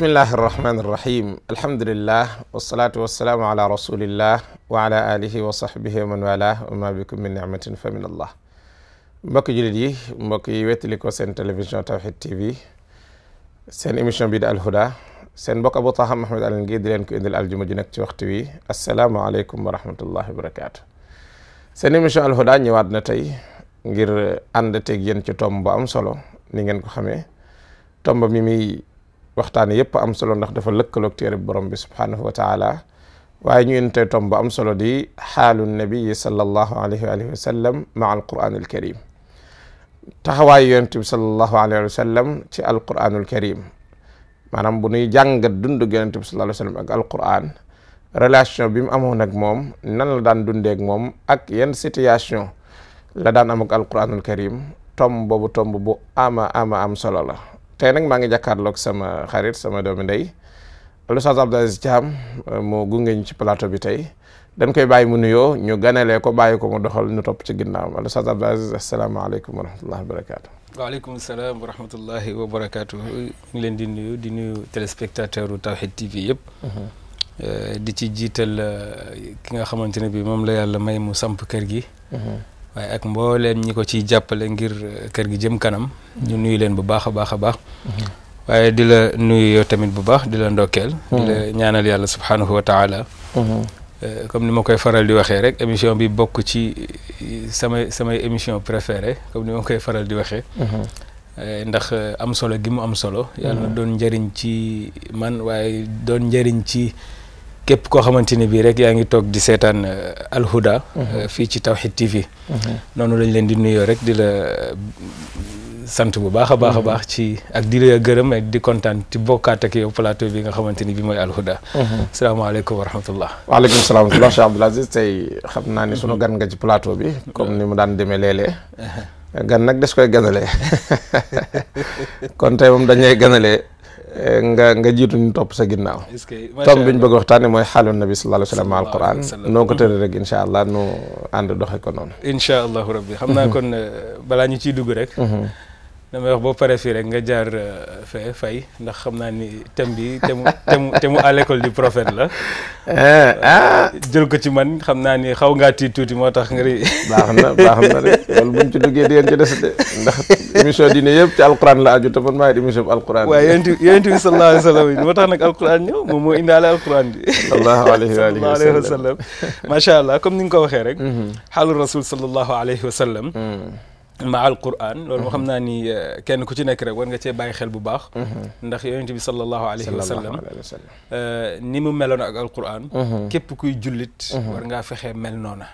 bismillahi irrahmani irrahim alhamdulillah wassalatu wassalaamu ala rasulillah wa ala alihi wa sahbihi wa man wala wa ma bikum min nicmatin fa min allah mbokk jullit yi mbokk yi wettali ko seen télévision Tawhid TV seen émission bi di alhuda seen mbokk Abu Taha Mahmad Alioune Guèye di leen ko indil aljuma ji nag ci waxtu wi asalaamualeykum wa rahmatullahi wa barakatu seen émission alhuda ñëwaat na tey ngir ànd teeg yéen ci tomb bu am solo ni ngeen ko xamee tomb mi muy waxtaan yëpp am solo ndax defa lëkkaloog téere borom bi subhaanahu wa taala waaye ñu in tey tomb bu am solo di xaalu nabii sallallahu alayhi wa alihi wa sallam ma alquranul karim taxawaayu yonent bi sallallahu alayhi wa sallam ci alquranul karim maanaam bu nuy jàngat dundu yonent bi sallallahu alayhi wa relation bi mu amoon ak moom nan la daan dundee moom ak yenn situation la daan am ak alquranul karim tomb bu ama ama am solo la tey nag maa ngi jàkkaarloog sama xarit sama doomi ndey Oustaz Abdou Aziz Thiam euh, moo gunge ñu ci plateau bi tey dañ koy bàyyi mu nuyoo ñu ganalee ko bàyyi ko mu doxal ñu topp ci ginnaawam Oustaz Abdou Aziz asalaamaaleykum wa rahmatullahi wa barakaatu. waaleykum salaam wa rahmatullahi wa barakaatu. ngi leen di nuyu di nuyu téléspectateur u Tawhid TV yëpp. Mhm. Euh, di ci jiital euh, ki nga xamante ne bi moom la yàlla may mu samp kër gi. Mhm. waaye ak mbooleem ñi ko ci jàppale ngir euh, kër gi jëm kanam ñu nuyu leen bu baax a baax a baax waaye di la nuyu yow tamit bu baax di la ndokkeel di la ñaanal yàlla subhaanahu wa taala euh, comme ni ma koy faral di waxee rek émission bi bokk ci euh, samay samay émission préférée comme ni ma koy faral di waxee ndax am solo gi mu am solo yàlla doon njëriñ ci man waaye doon njëriñ ci képp ko xamante ni bii rek yaa ngi toog di seetaan euh, alhuda mhm. euh, fii ci Tawhid TV mhm. noonu lañ leen di nuyoo rek di la euh, sant bu baax a baax a mhm. baax ci ak di la gërëm ak di kontaan ci bokkaat ak yow plateau bi nga xamante ni bii mooy alhuda asalaamaaleykum wa rahmatullah waaleykum salaam wa rahmatullah Cheikh Abdoul Aziz tey xam naa ni sunu gan nga ci plateau bi kom ni mu daan demee léeg gan nag des koy ganalee kon tey moom dañuy ganalee Eh, nga nga jiitu ñu topp sa ginnaaw. est-ce que tom bi ñu bëgg nabi sallallahu alayhi wa sallam alquran noo ko tëral rek incha allah nu ànd doxe ko noonu. incha allahu rabbi xam naa kon eh, balaa ñu ciy dugg rek. Mhm. damay wax boo paree fii rek nga jaar euh, fee fay ndax xam naa ni thème bi thème mu thème mu à l'école la. Eh, ah jël ko ci man xam naa ni xaw ngaa tiit tuuti moo tax nga. baax na baax na rek loolu buñ ci duggee di ngeen ci de ndax émission diine yëpp ci alquran la aju te man maa ngi émission bi alquran. waaw yonent bi yonent bi sallallahu alayhi wa sallam moo tax nag alquran ñëw moom moo indaale alquran bi. sallallahu alayhi wa macha allah comme ni nga ko waxee rek. Mm-hmm. xaalu rasul sallallahu alayhi wa sallam. Mm. ma alquran mhm. loolu moo xam naa ni eh, kenn ku ci nekk rek war nga cee bàyyi xel bu baax mhm. ndax i yonent bi sallallahu alayhi wa sallam eh, ni mu meloon ak alquran mhm. képp kuy jullit war ngaa fexee mel noona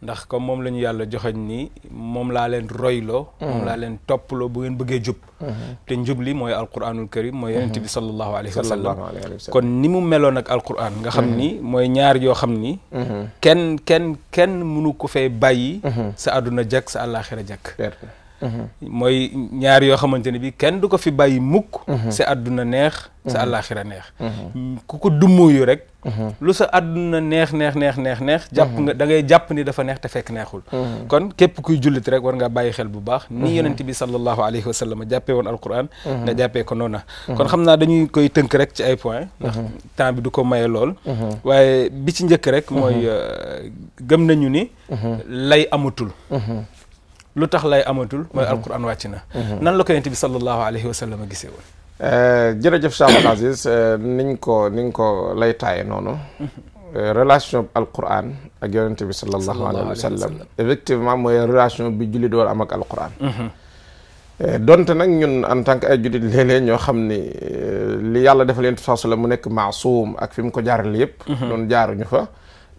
ndax comme moom la ñu yàlla joxeñ nii moom laa leen royloo moom hmm. laa leen topploo bu ngeen bëggee jub hmm. te njub li mooy alquranul karim mooy yonent bi hmm. sallallahu alayhi wa sallam kon ni mu meloon ak alquran nga xam ni mooy ñaar yoo xam ni kenn kenn kenn mënu ko fee bàyyi sa àdduna jàkk sa àllaaxira jàkk mooy ñaar yoo xamante ne bi kenn du ko fi bàyyi mukk mhm. si àdduna neex sa mhm. àllaaxira neex mhm. ku ko dummuyu rek lu sa àdduna neex neex neex neex neex jàpp nga da ngay jàpp ni dafa neex te fekk neexul kon képp kuy jullit rek war nga bàyyi xel bu baax ni yonent bi sallallahu alayhi wa sallam jàppee woon alquran nga jàppee ko noona kon xam naa dañuy koy tënk rek ci ay point ndax temps bi du ko maye lool waaye bi ci njëkk rek mooy euh, gëm nañu ni lay amatul lu tax lay amatul mooy mhm. alquran wàcc na mhm. nan la ko yonent bi sallallahu alayhi wa a gisee woon eh, jërëjëf Cheikh Abdou Aziz eh, niñ ko niñ ko lay taaye noonu mhm. eh, relation alquran ak yonent bi sallallahu alayhi wa sallam effectivement mooy relation bi jullit war am ak alquran donte nag ñun en tant que ay jullit léeg-léeg ñoo xam ni li yàlla defal yonent bi sallallahu alayhi mu nekk maasuum ak fi mu ko jaarale yëpp noonu jaaruñu fa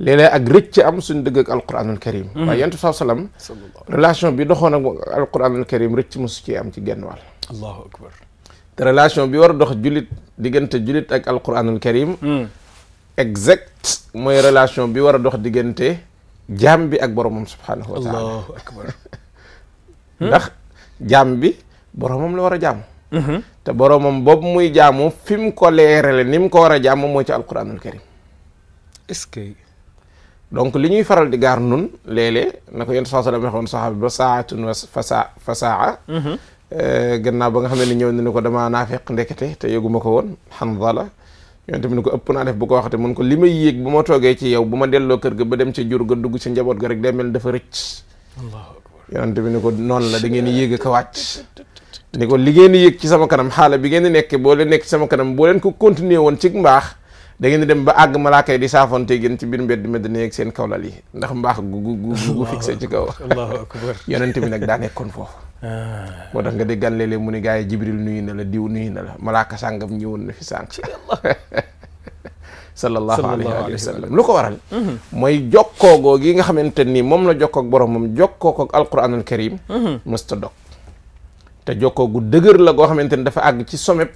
léeg-léeg ak rëcc am suñ dëgg ak alquranul karim mhm. waaye yonent bi sallam relation bi doxoon ak alquranul karim rëcc mosu ci am ci genn wàll allahu te relation bi war a dox julit diggante julit ak alquranul karim hmm. exact mooy relation bi war a dox diggante jaam bi ak boromam subhaanahu wa taala allahu akbar ndax jaam bi boromam la war a jaamu mhm. te boromam boobu muy jaamu fi mu ko leerale ni mu ko war a jaamu mooy ci alquranul karim donc li ñuy faral di gaar nun léeg-léeg na ko yéen saa sallam waxoon saxaaba ba saatun wa fasaa fa saa mhm. euh, gannaaw ba nga xam ne ni ñëw ne ko damaa naafeq ndekete te yëguma ko woon Hanzala yonent bi ne ko ëpp naa def bu ko waxte mun ko li may yéeg bu ma toogee ci yow bu ma delloo kër ga ba dem ca jur ga dugg ci njaboot ga rek day mel dafa rëcc yonent bi ne ko noonu la da ngeen yéeg ak a wàcc ni ko li ngeen yéeg ci sama kanam xaala bi ngeen di nekk boo leen nekk sama kanam boo leen ko continuer woon cig mbaax da ngeen di dem ba àgg malaaka yi di saafonte gën ci biir mbedd Medina ak seen kawlal yi ndax mbaax gu gu gu ci kaw allahu akbar yonent bi nag daa nekkoon foofu ah. moo nga déggan léeg-léeg mu ni gars yi jibril nuyu la diw nuyu na la malaaka sàngam ñëwoon na fi sànq sallallahu alayhi wa sallam ko waral mhm. mooy jokkoo gi nga xamante nii moom la jokkoo ak borom moom jokkoo ko ak alquran al karim mësta mhm. dog te jokkoo dëgër la goo xamante ni dafa àgg ci sommet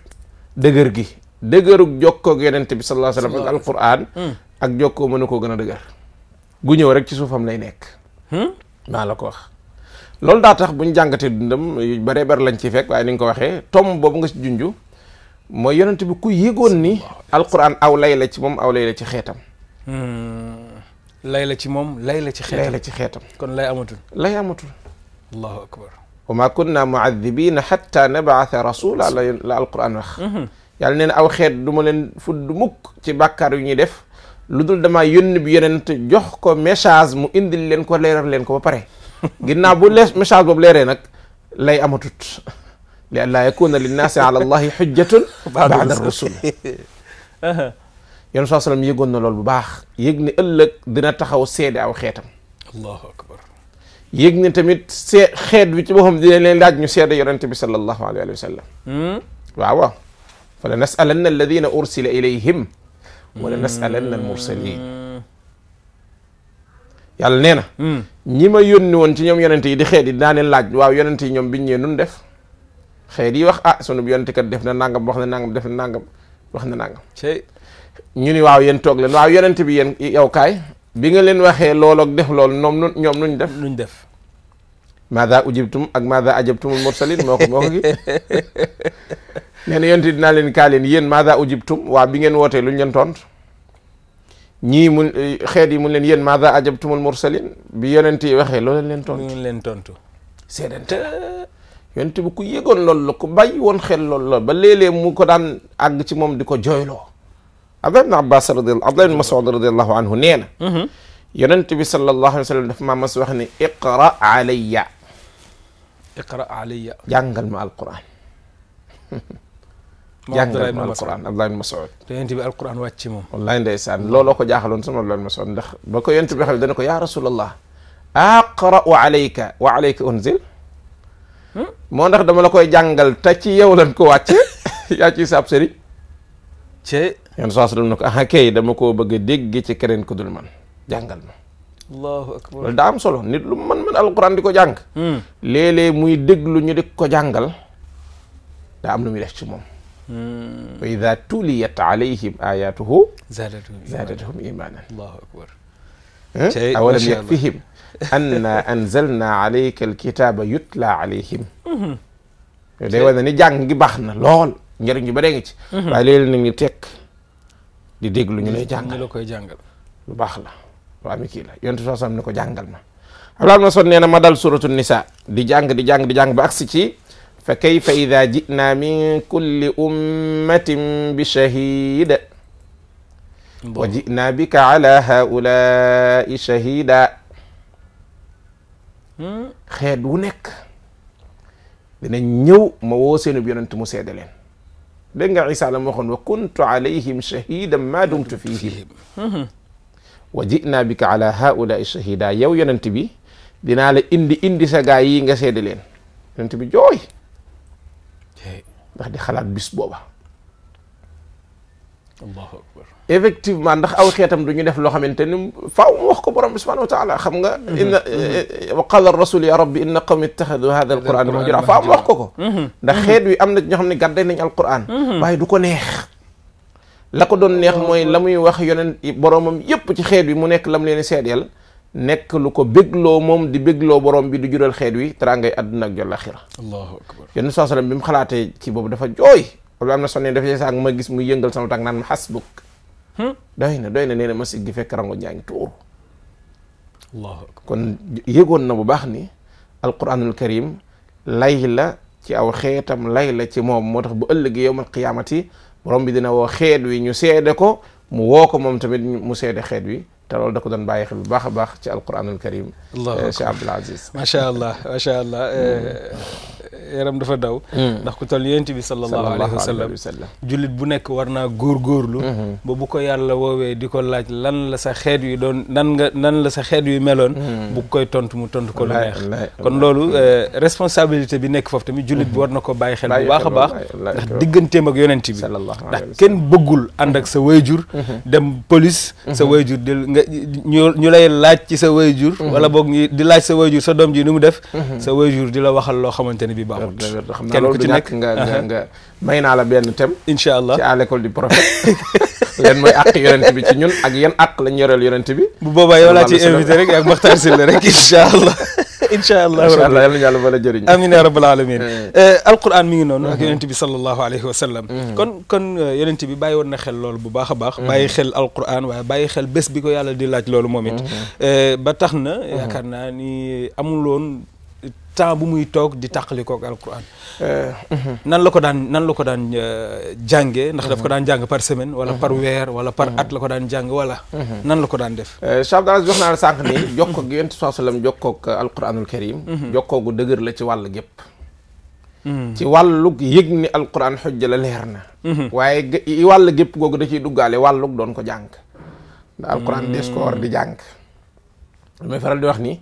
dëgër gi dëgërug jokkoog yonent bi sallallahu alayhi wa ak alquran ak jokkoo mën na koo gën a dëgër gu ñëw rek ci suufam lay nekk hmm? maa la ko wax loolu daa tax buñ jàngatee dundam yu bare bare lañ ci fekk waaye ni nga ko waxee tom boobu nga si junju mooy yonent bi ku yëgoon ni alquran aw lay la ci moom aw lay la ci xeetam hmm. lay la ci moom lay la ci xeetam lay la ci xeetam kon lay amatul lay amatul allahu akbar wa ma kunna muadibina xatta nabaata rasula la la alquran wax hmm. yàlla nee na aw xeet du ma leen fudd mukk ci bàkkaar yu ñuy def lu dul damaa yónni bi yonent jox ko message mu indi leen ko leeral leen ko ba pare ginnaaw bu lees message leeree nag lay amatut li an laa yakuna linnaasi ala allahi xujjatun baada rusul uh-huh. yon saa sallam yëgoon na loolu bu baax yëg ne ëllëg dina taxaw seede aw xeetam allahu akbar yëg ne tamit see xeet bi ci boppam dina leen laaj ñu seede yonent bi sallallahu alayhi wa sallam hmm? waaw fala nasalanna alladina ursila ilayhim wala nasalanna almursalin yàlla nee na hmm. ñi ma yónni woon ci ñoom yonente yi di xeet yi daa laaj waaw yonente yi ñoom biñ ñee nun def xeet yi wax ah sunu yonente kat def na nangam wax na nangam def na nangam wax na nangam ñu ni waaw yéen toog leen waaw yonente bi yéen yow kaay bi nga leen waxee loolook def lool ñoom nu ñoom nuñ def nuñ def maada ujibtum ak maada ajabtumul mursalin moo ko moo ko nee na yonti dinaa leen kaa leen yéen maada ujibtum waa bi ngeen wootee luñ leen tont ñii mu xeet yi mun leen yéen maada ajabtumul mursalin bi yonent yi waxee loolu leen tontu loolu leen tontu. seedante yonent bu ku yëgoon loolu la ku bàyyi woon xel loolu la ba léeg mu ko daan àgg ci moom di ko jooyloo. Abdullah ibn Abbas radiyallahu Abdullah ibn Mas'ud radiyallahu anhu nee na. Mhm. yonent bi sallallahu alayhi wa sallam dafa maa wax ne iqra alayya. iqra alayya jàngal ma alquran. jàngal ma alquran Abdullah ibn Mas'ud te yent bi alquran wàcc ci moom wallaay ndeysaan looloo ko jaaxaloon sama Abdullah ibn Mas'ud ndax ba ko yent bi xam dana ko yaa rasulallah aqra'u alayka wa alayka unzil hmm? moo ndax dama la koy jàngal te ci yow lan ko wàcce yaa ciy saab sëriñ ce yoon saa sallam na ko ah kay dama koo bëgg a dégg ci keneen ku dul man jàngal ma allahu akbar loolu daa am solo nit lu man man alquran di ko jàng hmm. léeg-léeg muy déglu ñu di ko jàngal daa am lu muy def ci moom wa ida tuliyat alayhim ayatuhu zaadathum imanan allahu akbar awalam yakfihim anna anzalna alayka alkitaba yutla alayhim ni jàng gi baax na lool njëriñ yu bare ngi ci waaye di déglu ñu lay jàngal la koy jàngal lu baax la lu ami kii la yonte soo sam ne ko jàngal ma Abdullah ibn Mas'ud nee na ma dal suratu di jàng di jàng di jàng ba agsi ci fa kayfa ida jinaa min kulli ummatin bi shahid wa jinaa bika ala haulai shahida nekk dina ñëw ma woo seenub yonent mu seede leen dégg nga Isa mhm. indi indi sa yi nga seede leen ndax di xalaat bis booba allahu effectivement ndax aw xeetam du ñu def loo xamante ni faaw mu wax ko borom bi subhanahu wa taala xam nga mhm. inna mhm. Eh, eh, wa qala rasul ya rabbi inna qawmi ittaxadu hada alquran mahjura wax ko ko mhm. ndax xeet wi am na ñoo xam ne gàdday nañ alquran waaye du ko neex la ko doon neex mooy la muy wax yonent boromam yépp ci xeet wi mu nekk la mu leen seedeel nekk lu ko bégloo moom di bégloo borom bi di jural xeet wi teraangay àdduna ak jollaxira allahu akbar yenn saa sallam bi mu xalaatee ci boobu dafa jooy wala am na sonne dafa saak ma gis mu yëngal sama tànk naan ma xasbuk hmm? doy na doy na nee na ma fekk rango jaa ngi na bu baax ni alquranul karim lay la ci aw xeetam lay la ci moom moo tax bu ëllëgee yowmal qiyaamati borom bi dina woo xeet wi ñu seede ko mu woo ko moom tamit mu seede xeet wi te loolu da ko doon bàyyi xel bu baax a baax ci alquranul karim. allahu eh, akbar Cheikh Abdoul Aziz. macha allah macha allah. Eh, yaram dafa daw hmm. ndax ku toll yonent bi sallallahu alayhi wa sallam jullit bu nekk war naa góorgóorlu hmm. ba bu ko yàlla woowee di ko laaj lan la sa xeet yu doon nan nga nan la sa xeet yu meloon hmm. bu koy tontu mu tont ko lu neex kon loolu euh, responsabilité bi nekk foofu tamit jullit bi war na ko bàyyi xel bu baax a baax ndax digganteem ak yonent bi ndax kenn bëggul ànd ak sa wayjur dem police sa wayjur di nga ñu ñu lay laaj ci sa wayjur wala boog ñu di laaj sa wayjur yu baaxul xam naa loolu du ñàkk nga nga nga may naa la benn thème incha allah ci à l'école du prophète leen mooy àq yonent bi ci ñun ak yan àq lañ yoreel yonent bi bu boobaa yow laa ci invité rek ak Makhtar Sylla rek incha allah incha allah incha allah yàlla yàlla bala jëriñ amiin yaa rabbal alamin eh. eh, alquran mi ngi noonu ak mm-hmm. yonent bi sallallahu alayhi wa sallam mm-hmm. kon kon eh, yonent bi bàyyi woon na xel loolu bu baax a baax mm-hmm. bàyyi xel alquran waaye bàyyi xel bés bi ko yàlla di laaj loolu moom it ba tax na yaakaar naa ni amuloon temps bu muy toog di tàqalikook alquran euh, euh, mhm. nan la ko daan nan la ko daan euh, jànge ndax daf ko mhm. daan jàng par semaine wala mhm. par weer wala par at la ko daan jàng wala nan la ko daan def Cheikh Abdou jox naa la sànq ni jokkoo gi yonent saa sallam jokkook alquranul karim jokkoo gu dëgër la ci wàll gépp ci wàllug yëg ni alquran xujja la leer na waaye wàll gépp googu da i duggaale wàllug doon ko jàng ndax alquran des ko di mm. jàng lu may faral di wax ni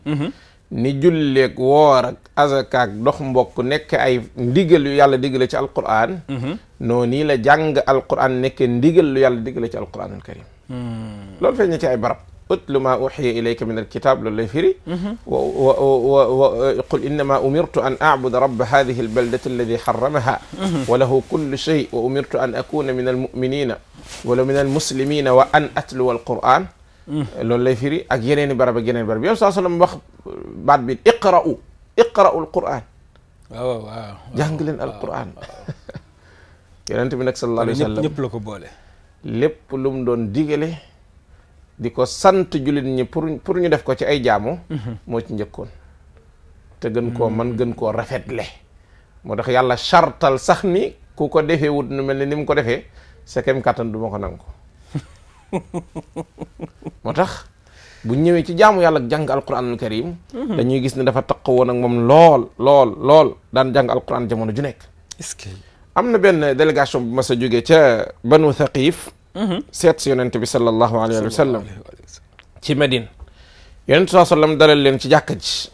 ni julleeg woor ak azakaak dox mbokk nekk ay ndigal yu yàlla digale ci alquran mhm. noo nii la jàng alquran nekk ndigal lu yàlla digale ci alquran al karim hmm. loolu feeñ na ci ay barab utlu maa uxiya ilayka min alkitab loolu lay firi mhm. wa qul innama umirtu an abuda rabba hadihi albaldati alladi xaramaha mhm. wa lahu kullu shay wa umirtu an akuna min almuminina wala min almuslimina wa an atluwa alquran loolu lay firi ak yeneen barab ak yeneen barab yow saa sallam wax baat bi iqra'u iqra'u alquran waaw waaw jàng leen alquran yonent bi nag sallallahu alayhi wa sallam ñëpp la ko boole lépp lu mu doon digale di ko sant jullit ñi pour pour ñu def ko ci ay jaamo mhm. moo ci njëkkoon te gën koo mm. man gën koo rafetle moo tax yàlla chartal sax ni ku ko defee wut nu mel ni ni mu ko defee sa kem kàttan du ma ko nangu moo tax bu ñëwee ci jaamu yàlla ak jàng alquranul karim mhm. dañuy gis ne dafa taq woon ak moom lool lool lool daan jàng alquran jamono ju nekk est am na benn délégation bu mas a jógee ca banu thaqif mhm. seet si yonent bi sa alayhi ci Medine yonent saa sallam leen ci jàkka ji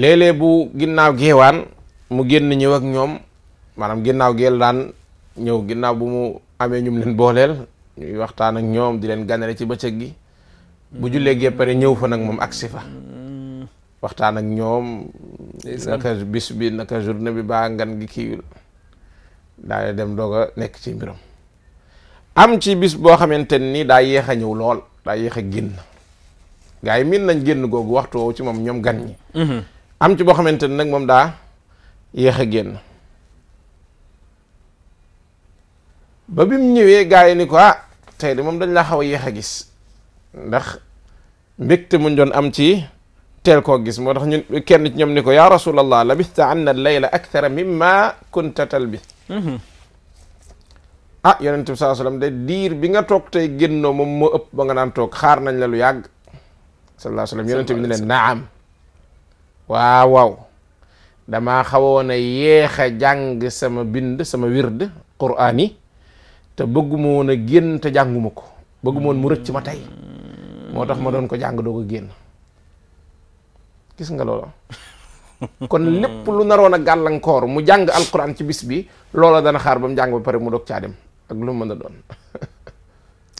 léeg bu ginnaaw geewaan mu génn ñëw ak ñoom maanaam ginnaaw geel daan ñëw ginnaaw bu mu amee ñum leen booleel waxtaan ak ñoom di leen ganale ci bëccëg gi bu mm. jullee gee pare ñëw fa nag moom agsi fa mm. waxtaan ak ñoom naka bis bi naka journée bi baa ngan gi kiiwul daal dem doog a nekk ci mbiram am ci bis boo xamante ni daa yéex a ñëw lool daa yéex a génn gaa yi miin nañ génn googu waxtoo ci moom ñoom gan ñi mm-hmm. am ci boo xamante ni nag moom daa yéex a génn ba bi mu ñëwee gars yi ni ko ah tey de moom dañ laa xaw a yéex a gis ndax mbégte mu doon am ci teel koo gis moo tax ñun kenn ci ñoom ko yaa rasulallah labista anna layla akthara mimma kunta talbis mhm. ah yonente bi saa sallam de bi nga toog tey génnoo moom moo ëpp ba nga naan toog xaar nañ la lu yàgg sallallahu alayhi wa sallam yonente bi ne leen naam waaw waaw damaa xawoon a yéex jàng sama bind sama wird quraan te bëgguma woon a génn te jànguma ko bëgguma woon mu rëcc ma tey moo tax ma doon ko jàng doog a génn gis nga loola kon lépp lu naroon a gàllankoor mu jàng alquran ci bis bi loola dana xaar ba mu jàng ba pare mu doog caa ak lu mu mën a doon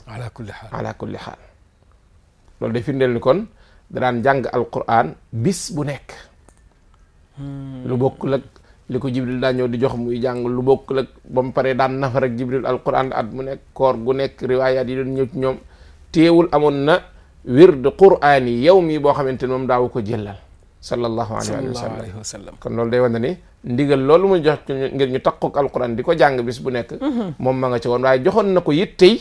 ala loolu day firndeel ni kon da daan jàng alquran bis bu nekk hmm. lu bokkul ak li ko jibril daa ñëw di jox muy jàng lu bokk la ba mu paree daan nafar ak jibril alquran at mu nekk koor gu nekk riwaayaat yi doon ñëw ñoom téewul amoon na wird quraan yi yow mii boo xamante ne moom daawu ko jëlal sallallahu alayhi wa sallam kon loolu day wane ni ndigal loolu mu jox ngir ñu takkook alquran di ko jàng bis bu nekk mhm. moom ma nga ci woon waaye joxoon na ko yittey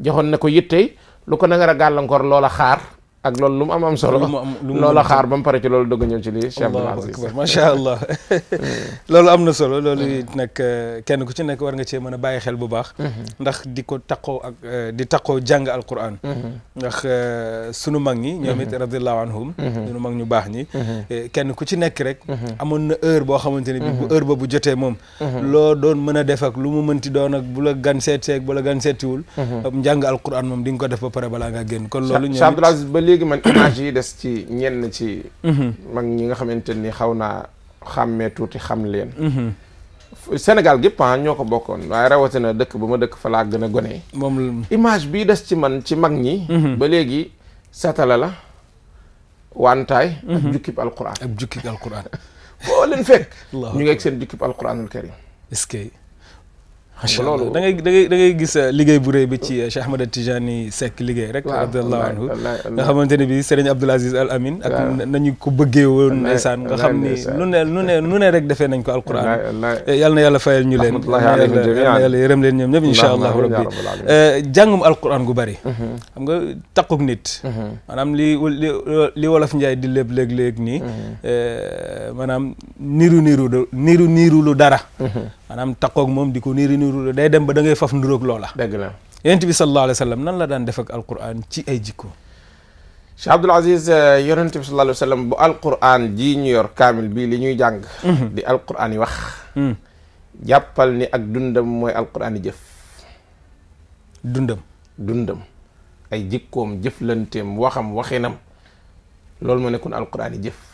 joxoon na ko yittey lu ko na nga a gàllankoor loola xaar ak loolu lu mu am am solo loola xaar ba mu pare ci loolu dëgg ñëw ci lii Cheikh Abdoul Aziz macha allah loolu am na solo loolu mm. it nag euh, kenn ku ci nekk war nga cee mën a bàyyi xel bu baax mm-hmm. ndax di ko taqoo ak euh, di taqoo jàng alquran mm-hmm. ndax euh, sunu mag ñi ñoom it mm-hmm. radiallahu anhum sunu mag ñu baax ñi kenn ku ci nekk rek amoon na heure boo xamante ne bi bu heure ba bu jotee moom loo doon mën a def ak lu mu mënti doon ak bu la gan seet seeg gan seetiwul njàng alquran moom di nga ko def ba pare balaa ngaa génn kon loolu léegi man image yi des ci ñenn ci mhm. mag ñi nga xamante ni xaw naa xàmmee tuuti xam leen mhm. Sénégal gépp ah ñoo ko bokkoon waaye rawatina dëkk ba ma dëkk fa laa gën a gone moom image bii des ci man ci mag ñi mhm. ba léegi satala la waantaay ak jukkib alquran ak jukkib boo leen fekk ñu ngeeg seen jukkib alquranul karim est-ce loolu da ngay da ngay da gis uh, liggéey bu rëy bi ci uh, Cheikh Ahmed Tijani Seck liggéey rek radiallahu nga xamante ne bi Serigne Abdoul Aziz Al ak nañu ko bëggee woon ndeysaan nga xam ni nu ne nu ne rek defee nañ ko alquran eh, yàlla na yàlla fayal ñu leen na yàlla yërëm leen ñoom ñëpp insha allahu rabbi eh, jàngum alquran gu bari mm-hmm. xam nga taquk nit mm-hmm. maanaam li li li wolof njaay di léeb léeg-léeg nii mm-hmm. eh, maanaam niru niru niru niru lu dara maanaam takkoog moom di ko niiri niiru day dem ba da ngay faf nduróog loola dëgg la yonent bi sa alayhi wa sallam nan la daan def ak alquran ci ay jikko Cheikh Abdoul Aziz euh, yonent bi sallallahu alayhi wa sallam ñu yor kaamil bii li ñuy jàng mhm. di alquran mhm. jàppal ni ak dundam mooy alquran yi ay jikkoom jëflanteem waxam waxinam loolu moo nekkoon alquran yi jëf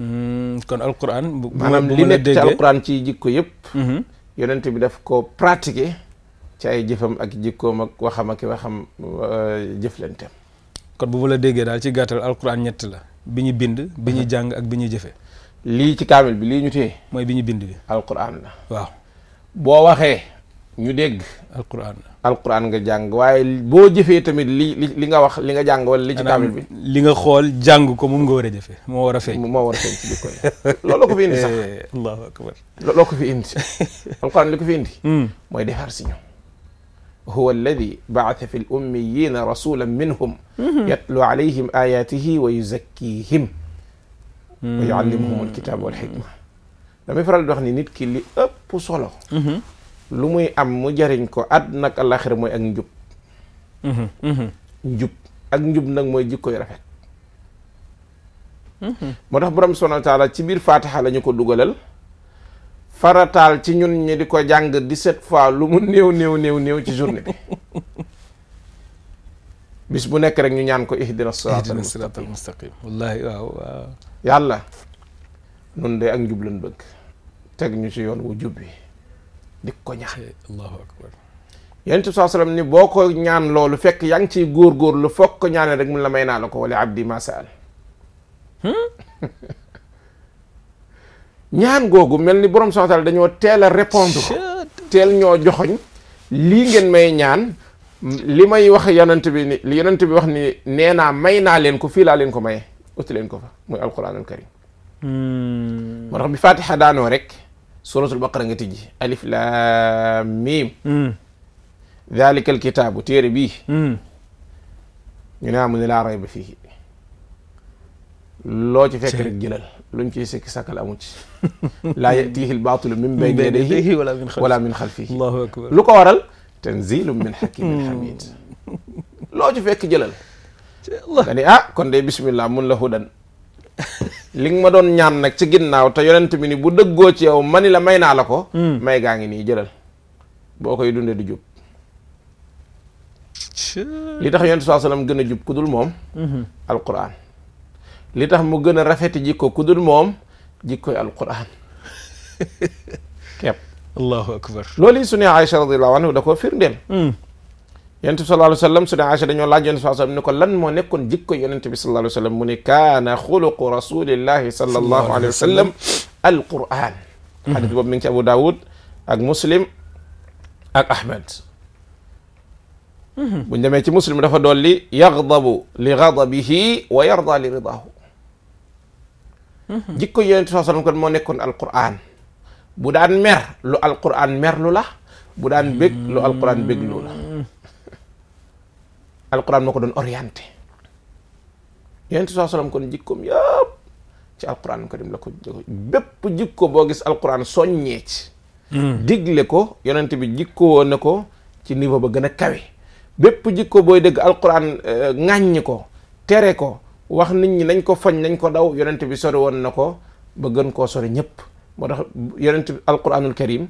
Hmm, kon al bu maanaam li nekk ci alquran ci jikko yëpp. Hmm. yonent bi daf ko pratiquer ci ay jëfam ak jikkoom ak waxam ak waxam euh, jëflanteem. kon bu ma la déggee daal ci gàttal alquran ñett la bi ñu bind bi ñu hmm. jàng ak bi ñu jëfe lii ci kaamil bi lii ñu téye. mooy bi ñu bind bi. alquran la waaw boo waxee. ñu dégg alquran alquran nga jàng waaye boo jëfee tamit li li li nga wax li nga jàng wala li ci taamit bi li nga xool jàng ko moom nga war a jëfee moo war a feeñ moo war a feeñ ci bi koy looloo ko fi indi sax eh, allahu akbar looloo ko fi indi alquran li ko fi indi hmm. mooy defar si ñu huwa alladi baata fi l ummiyina rasulan minhum hmm. yatlu alayhim ayatihi wa yuzakkihim hmm. wa yuallimuhum alkitaba walxikma damay faral di wax ni nit ki li ëpp solo lu muy am mu jariñ ko àdduna ak àllaaxira mooy ak njub mhm, mhm. njub ak njub nag mooy jikkoy rafet mhm. moo tax borom subhaanahu wa taala ci biir faatiha la ko dugalal farataal ci ñun ñi di ko jàng dix-sept fois lu mu néew néew néew néew ci journée bi bis bu nekk rek ñu ñaan ko ihdina siraatal mustaqim wallaahi waaw waaw yàlla nun de ak njub lañ bëgg teg ñu ci yoon wu jub bi di ko ñaan allahu akbar yonent bi saa sallam ni boo ko ñaan loolu fekk yaa ngi góor lu foog ko ñaanee rek mun la may naa la ko wala abdi ma saal hmm? ñaan googu mel ni borom santal dañoo teel a répondre teel ñoo joxoñ lii ngeen may ñaan li may wax yonent bi ni li bi wax ni nee naa may naa leen ko fii laa leen ko maye uti leen ko fa muy alquran al karim hmm. moo tax bi fatiha daanoo rek suratul baqara nga tijji alif laam miim hmm. dalika alkitaabu téere bii hmm. ñu ne amu ne laa rayba fii loo ci fekk rek jëlal luñ ciy sikki sàkkal amu ci laa yatihi albaatilu min bayni yadayhi wala min xalfihi allahu lu ko waral tanzilum min hakimin hmm. hamid loo ci fekk jëlal nga ni ah kon de bismillah mun la hudan li nga ma doon ñaan nag ci ginnaaw te yonent bi ni bu dëggoo ci yaw yow mani la may naa la ko hmm. may gaa ngi nii jëlal boo koy dundee du jub li tax yonent saa sallam gën a jub ku dul moom hmm. alquran li tax mu gën a rafeti jikko ku dul moom jikkoy alquran kepp allahu akbar loolu yi su ne Aïcha radiyallahu anhu da koo firndeel hmm. yonent bi sallallahu alayhi wa sallam sunu Aïcha dañoo laaj yonent bi sallam ni ko lan moo nekkoon jikko yonent bi sallallahu alayhi wa sallam mu ne kaana xuluqu rasulillahi sallallahu alayhi wa sallam alquran mhm. xadis boobu mi ngi ci Abu Daawud ak Muslim ak Ahmed mhm. buñ demee ci Muslim dafa dolli yaxdabu li gadabihi wa yarda li ridahu mhm. jikko yonent bi sallam kon moo nekkoon alquran bu daan mer lu alquran mer lu la bu daan bég lu alquran bég lu la alquran moo ko doon orienté yonent bi sallallahu alayhi wasallam kon jikkoom yëpp ci alquran karim la ko bépp jikko boo gis alquran soññee ci hmm. digle ko yonent bi jikko woon ko ci niveau ba gën a kawe bépp jikko booy dégg alquran euh, ŋàññ ko tere ko wax nit ñi nañ ko fañ nañ ko daw yonent bi sori woon na ko ba gën koo sori ñëpp moo tax yonent bi alquranul karim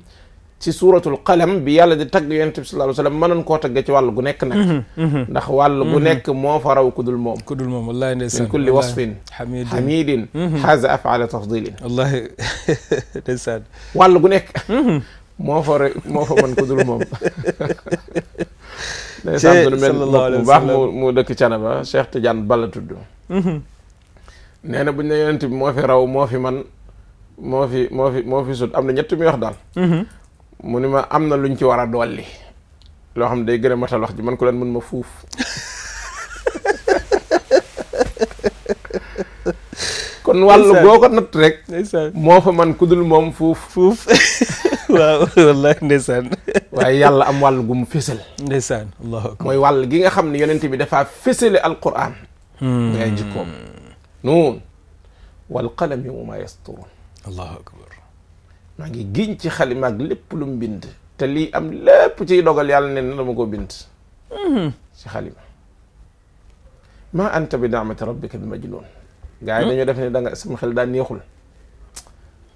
ci suuratul qalam bi yàlla di tagg yonent bi sallallahu alayhi wa sallam koo tagg ci wàll gu nekk nag mhm, mhm. ndax wàll gu mhm. nekk moo fa raw kudul moom kudul moom wallahi ndeysaan min kulli wasfin hamidin xaaza afaala tafdilin wallahi ndeysaan wàll gu nekk moo fa rek moo fa mën kudul moom ndeysaan sunu mel bu baax mu mu dëkk Canaba Cheikh Tidiane Balla tudd nee na buñ ne yonent bi moo fi raw moo fi man moo fi moo fi moo fi am na ñett muy wax mu ni ma am na luñ ci war a dolli loo xam day gën a matal wax ji man ko leen mën ma fuuf kon wàllu goo ko natt rek moo fa man kudul moom fuuf fuuf waaw wallahi ndeysaan waaye yàlla am wàll gum mu mooy wàll gi nga xam ne yonent bi dafaa fésale alquran hmm. ngay jikkoom nuun wal qalami wa ma yasturuun maa ngi giñ ci xalima ak lépp lum bind te lii am lépp ciy dogal yàlla ne na dama ko bind mhm. ci xalima maa anta bi ni'mati rabbika bi majnun gars yi hmm? dañoo def ne da nga sama xel daa neexul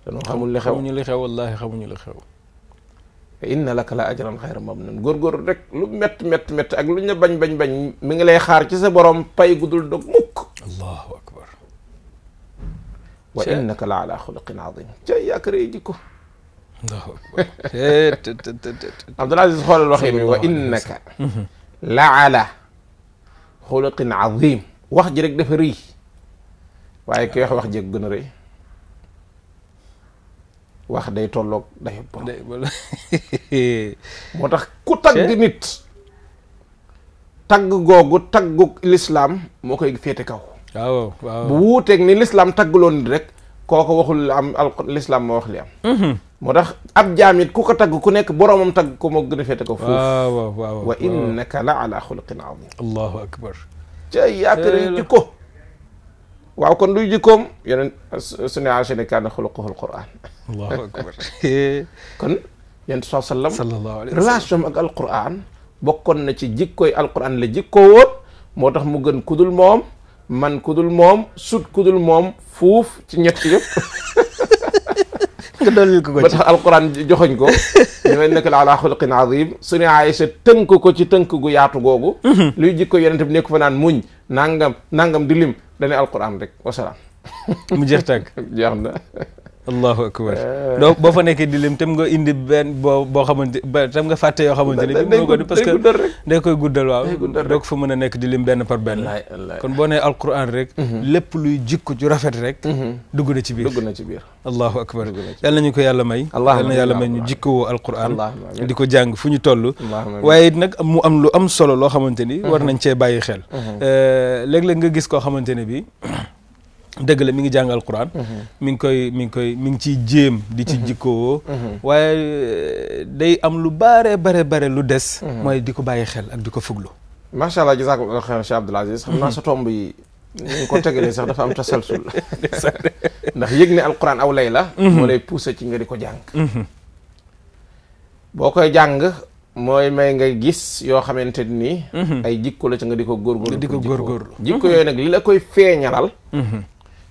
dañoo xamul li xew xamuñu li xew wallaahi xamuñu li inna laka la ajran xayra mamnun góorgóorlu rek lu mett mett mett ak lu ñu bañ bañ bañ mi ngi lay xaar ci sa borom pay gudul dog mukk allahu akbar la ala xuluqin jikko Abdul Aziz xoolal waxee ni wa innaka mhm. la ala xuluqin azim wax ji rek dafa rëy waaye ki wax wax ji gën a rëy wax day tolloog day borom moo tax ku tagg nit tagg googu taggug lislaam moo koy féete kaw waaw waaw bu wuuteeg ni lislaam taggloon nit rek kooko waxul am al l'islam moo wax li am mhm. moo tax ab jaam it ku ko tagg ku nekk boroomam tagg ko moo gën fete féete ko foofu waaw waaw wa innaka la waaw kon luy jikkoom yeneen sunu Aïcha ne kaana xuluquhu alquran allahu kon sallam relation ak alquran bokkoon na ci jikkooy alquran la jikkoo moo tax mu gën kudul moom man kudul moom sut kudul moom fuuf ci ñetti yëpp nga dolli ko ko ba tax joxoñ ko ñu ne nekk la ala xuluqin azim suñu Aïcha tënk ko ci tënk gu yaatu googu mhm. luy jikko yonente bi nekk fa muñ nangam nangam di lim dane alquran rek wasalaam mu jeex tànk na allahu akbar eh. donc boo fa nekkee di lim tam nga indi benn boo boo xamante tam nga fàtte yoo xamante ne. day guddal parce que day koy guddal waaw. day fa mën a nekk di lim benn par benn. kon boo nee alquran rek. Mhm. lépp mhm. ci biir dugg na ci biir. allahu akbar yal nañu ko yàlla may. yal ko jàng fu ñu toll. waaye it nag mu am lu am solo loo xamante ni. Mhm. war nañ cee bàyyi xel. Eh, léeg-léeg nga gis koo xamante ne bi dëgg la mi ngi jàngal Quran. Mhm. mi ngi koy mi ngi koy mi ngi ci jéem. di ci mhm. jikkoo. Mhm. waaye eh, day am lu bare bare bare lu des. mooy di ko bàyyi xel ak di ko fuglu. macha allah jazakallah xeer Cheikh sa tomb yi. ñu ko tegalee sax dafa am tasalsul ndax yëg ne alquran aw lay la. moo lay poussé ci nga di ko jàng. boo koy jàng mooy may nga gis yoo xamante ni. ay jikko la ci nga di ko góorgóorlu. di ko jikko yooyu nag li la koy feeñalal.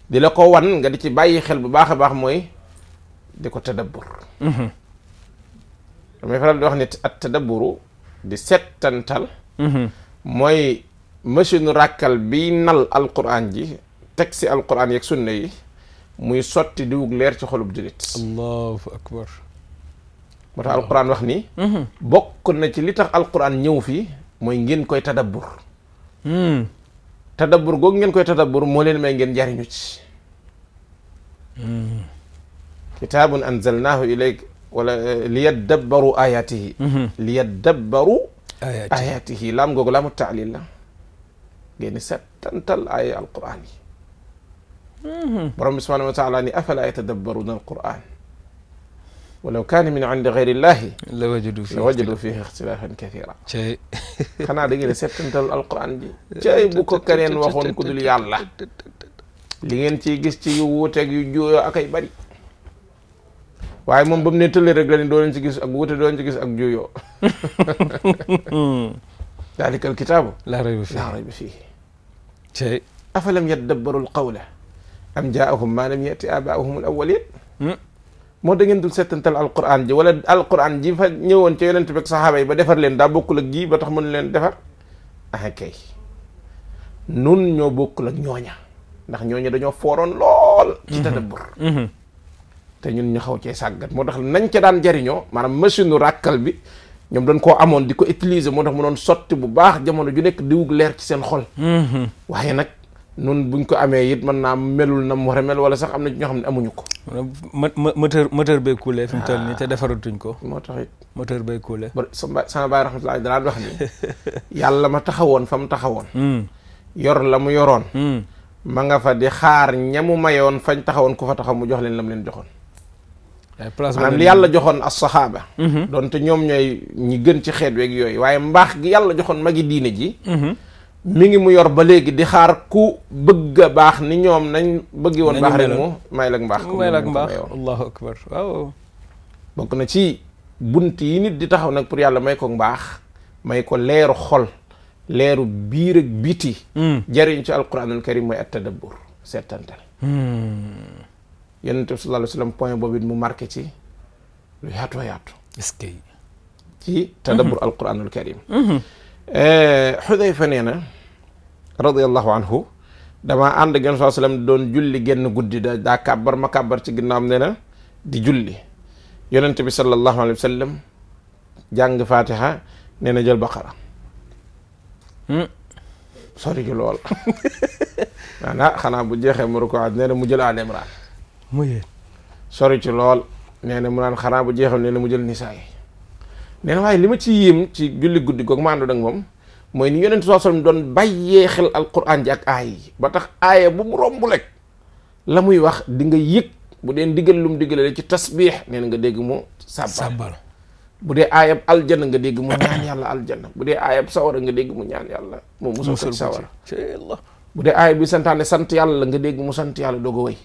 di la ko wan nga di ci bàyyi xel bu baax a baax mooy di ko tadabbur mhm. damay faral di wax ni at tadabburu di settantal mhm. mooy machine rakkal bi nal alquran ji teg ci alquran yeeg sunna yi muy sotti diwug leer ci xolub julit allahu akbar moo tax alquran wax ni mhm. bokk na ci li tax alquran ñëw fii mooy ngeen koy tadabbur hmm. tadabbur googu ngeen koy tadabbur moo may ngeen jariñu ci hmm. kitaabun anzalnaahu ilayk wala eh, liyaddabbaru ayatihi hmm. laam googu laamu taalil la ngeen settantal ay alquran yi hmm. borom bi subhanahu wa taala ni afala yatadabbaruna alquran walaw kaana min indi gayrillahi la wajadu fi la wajadu fihi ixtilaafan kathiira cey xanaa da a ji cey ko keneen waxoon ku dul yàlla li ngeen ciy gis ci yu wuuteeg yu juuyoo ak ay bari waaye moom ba mu ne rek la ni doo leen ci gis ak wuute doo leen ci gis ak juuyoo dalika alkitaabu laa rayba fiihi laa rayba fiihi cey am jaahum maa lam yati aabaahum alawwalin moo da ngeen dul seetantal alquran ji wala alquran ji fa ñëwoon ca yonent bi ak saxaaba yi ba defar leen daa bokkul ak ji ba tax mënu leen defar ah kay nun ñoo bokkul ak ñooña ndax ñooña dañoo fooroon lool ci mhm. tadabbur mhm. te ñun ñu xaw cee sàggat moo tax nañ ca daan jariñoo maanaam machine ràkkal bi ñoom dañ koo amoon di ko utiliser moo tax mu doon sotti bu baax jamono ju nekk di leer ci seen xol mhm. waaye nag nun buñ ko amee it man naa melul na mu war a mel wala sax am na ci ñoo xam ne amuñu ko. moteur moteur bay kuule fi mu toll nii ah. te defaratuñ ko. moo tax it moteur bay kuule. ba sama sama baay rahmatulah daan wax ni. yàlla ma taxawoon fa mu taxawoon. Hmm. yor la mu yoroon. Hmm. ma nga fa di xaar ñamu mayoon fañ taxawoon ku fa taxaw mu jox leen la leen joxoon. maanaam yàlla joxoon as saxaaba hmm. donte ñoom ñooy ñi gën ci xeet week yooyu waaye mbaax gi yàlla joxoon magi diine ji. mi ngi mu yor ba léegi di xaar ku bëgg a baax ni ñoom nañ bëggi woon baax rek mu may lak mbaax may lak mbaax allahu akbar waaw bokk na ci bunt yi nit di taxaw nag pour yàlla may ko mbaax may ko leeru xol leeru biir ak biti hmm. jariñ ci alquranul karim mooy at tadabbur seetantal hmm. yonent bi sallallahu alayhi wa sallam point boobu it mu marqué ci lu yaatu a yaatu est-ce que ci tadabbur hmm. alquranul karim eh, xudayfa nee radiyallahu anhu dama ànd ak Yonent sallam doon julli genn guddi da daa kàbbar ma kàbbar ci ginnaawam nee na di julli Yonent bi sallallahu alayhi wa sallam jàng Fatiha nee jël Baqara hmm. sori ju lool xanaa bu jeexee mu rukuwaat mu jël mu sori ci lool nee na mu naan xanaa bu jeexee nee na mu jël nisaa yi nee waaye li ma ci yéem ci julli guddi googu ma àndoon ak moom mooy ni yonent saa sallam doon bàyyee xel alquran ji ak aaya yi ba tax aaya bu mu romb rek la muy wax di nga yëg bu dee ndigal lum digale ci tasbiix nee na nga dégg mu sàbbal bu dee aayab aljana nga dégg mu ñaan yàlla aljana bu dee aayab sawara nga dégg mu yàlla moom musal ko sawara bu dee aayab bi santaane sant yàlla nga dégg mu sant yàlla doog a wéy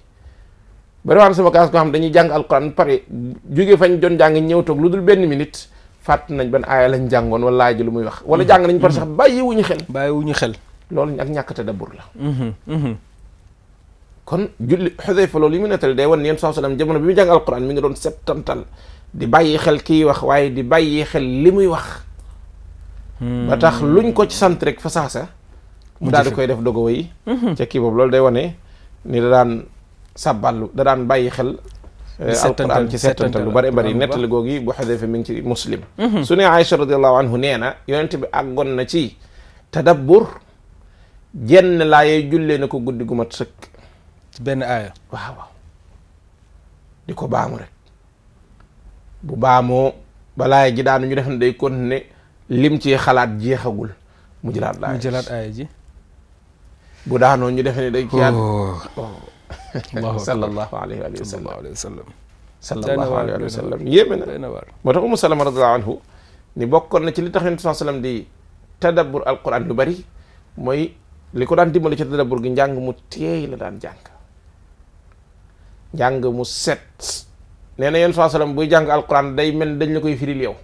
bari waan sama kaas koo xam dañuy jàng alquran pare jóge fañ doon jàng ñëw toog lu dul benn minute fàtt nañ ban aaya lañ jàngoon wala laaj lu muy wax wala jàng nañ par sax mhm. bàyyi wuñu xel bàyyi wuñu xel loolu ak ñàkk tadabbur la mhm, mhm. kon julli Xudayfa loolu yi mu nettali day wan yéen saa sallam jamono bi mu jàng alquran mi ngi doon settantal di bàyyi xel kii wax waaye di bàyyi xel li muy wax hmm. ba tax luñ ko ci sant rek fa saasa mu daal di koy def dogo yi ca kii boobu loolu day wane ni da daan sàbballu da daan bàyyi xel alquran ci settantal lu bari bari nettali googi bu xadeefe mi ngi ci muslim su ne Aïcha radiallahu anhu nee na yonent bi àggoon na ci tadabbur jenn laayee jullee na ko guddi gu mat sëkk benn aaya waaw di ko baamu rek bu baamoo ba laaya ji daanu ñu def ne day ne lim ci xalaat jeexagul mu jëlaat laaya ji bu daanoo ñu def ne day kiyaat sallallahu alayhi wa sallam sallallahu alayhi wa sallam yéeme na moo tax umu salama radiallahu anhu bokkoon na li tax yonent saa sallam di tadabbur alquran lu bari mooy li ko daan dimbali ci tadabbur gi njàng mu teey la daan jàng njàng mu set nee na yonent saa sallam buy jàng alquran day mel dañ la koy firil yow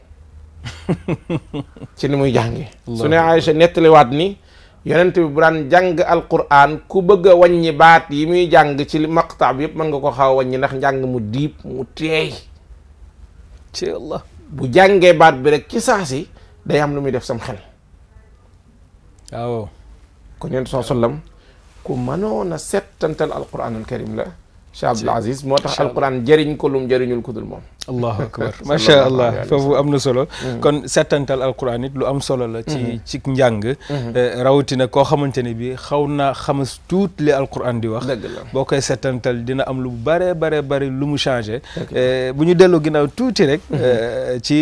ci ni muy jànge su ne Aïcha nettaliwaat ni yonent bi bu daan jàng alquran ku bëgg a wàññi baat yi muy jàng ci maqta bi yëpp mën nga ko xaw waññi ndax njàng mu diib mu teey bu jàngee baat bi rek ci saa si day am lu muy def sam xel waaw kon yonent sallam ku mënoon a settantal alquranul karim la Cheikh Abdoul Aziz moo tax alquran jëriñ ko lum jëriñul ku dul moom allahu akbar macha allah foofu am na solo mm-hmm. kon settantal alquran it lu am solo la ci mm-hmm. ci njàng mm-hmm. eh, rawatina koo xamante ne bi xaw naa xamas tuut li alquran di wax boo koy settantal dina am lu bare bare bare lu mu changé eh, bu ñu dellu ginnaaw tuuti rek eh, ci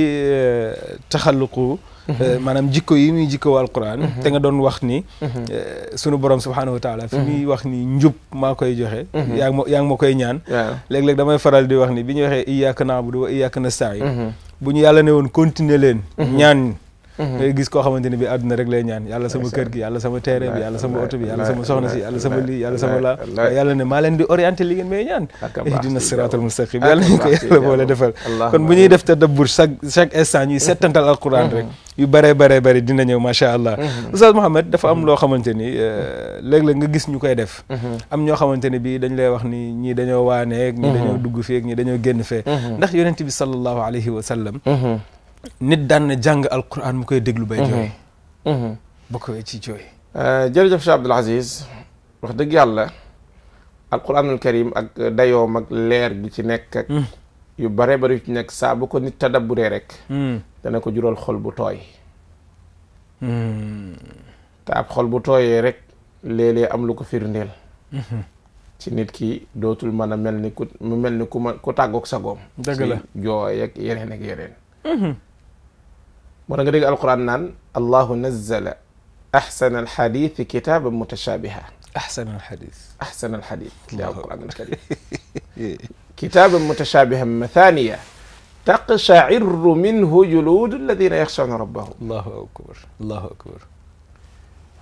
taxalluqu Euh, maanaam jikko yi muy jikko alquran mhm. te nga doon wax ni mhm. euh, sunu borom subhaanahu wa taala muy mhm. wax ni njub maa koy joxe yaa ngi ma yaa koy ñaan léeg-léeg damay faral di wax ni bi ñu waxee iyyaka na'budu wa iyyaka nasta'in bu ñu yàlla ne woon continuer ñaan Mhm. ngay gis koo xamante ni bi àdduna rek lay ñaan yàlla sama kër gi yàlla sama terrain bi yàlla sama oto bi yàlla sama soxna si yàlla sama lii yàlla sama laa yàlla ne maa leen di orienté li ngeen may ñaan ihdina siratal mustaqim yàlla yàlla boole defal kon bu ñuy def tadabbur dafa am loo xamante ni mhm. euh, léeg-léeg nga gis ñu koy def mhm. am ñoo xamante ni bi dañ lay wax ni ñi dañoo waaneeg ñii dañoo dugg feeg ñii dañoo génn fee ndax yonent bi sallallahu alayhi wa nit daan jàng alquran mu koy déglu bay jooy mhm. mhm. bokkee ci jooy euh, jërëjëf Cheikh Abdoul Aziz wax dëgg yàlla alquranul karim ak dayoom ak leer gi ci nekk ak mm. yu bare bari yu ci nekk saa bu ko nit tadabburee rek mm. dana ko jural xol bu tooy mm. te ab xol bu tooyee rek léeg-léeg am lu ko firndeel mm-hmm. ci nit ki dootul mën a mel ni ku mu mel ni ku ma ku tàggook sagoom dëgg la jooy ak yeneen ak yeneen mm-hmm. moo tax nga dégg alquran naan allahu nazzala ahsana alxadithi kitaaban mutashabiha ahsana alxadith ahsana alxadith li alquran alkarim kitaaban mutashabihan mathaniya taqshairu minhu juludu alladina yaxshawna rabbahum allahu akbar allahu akbar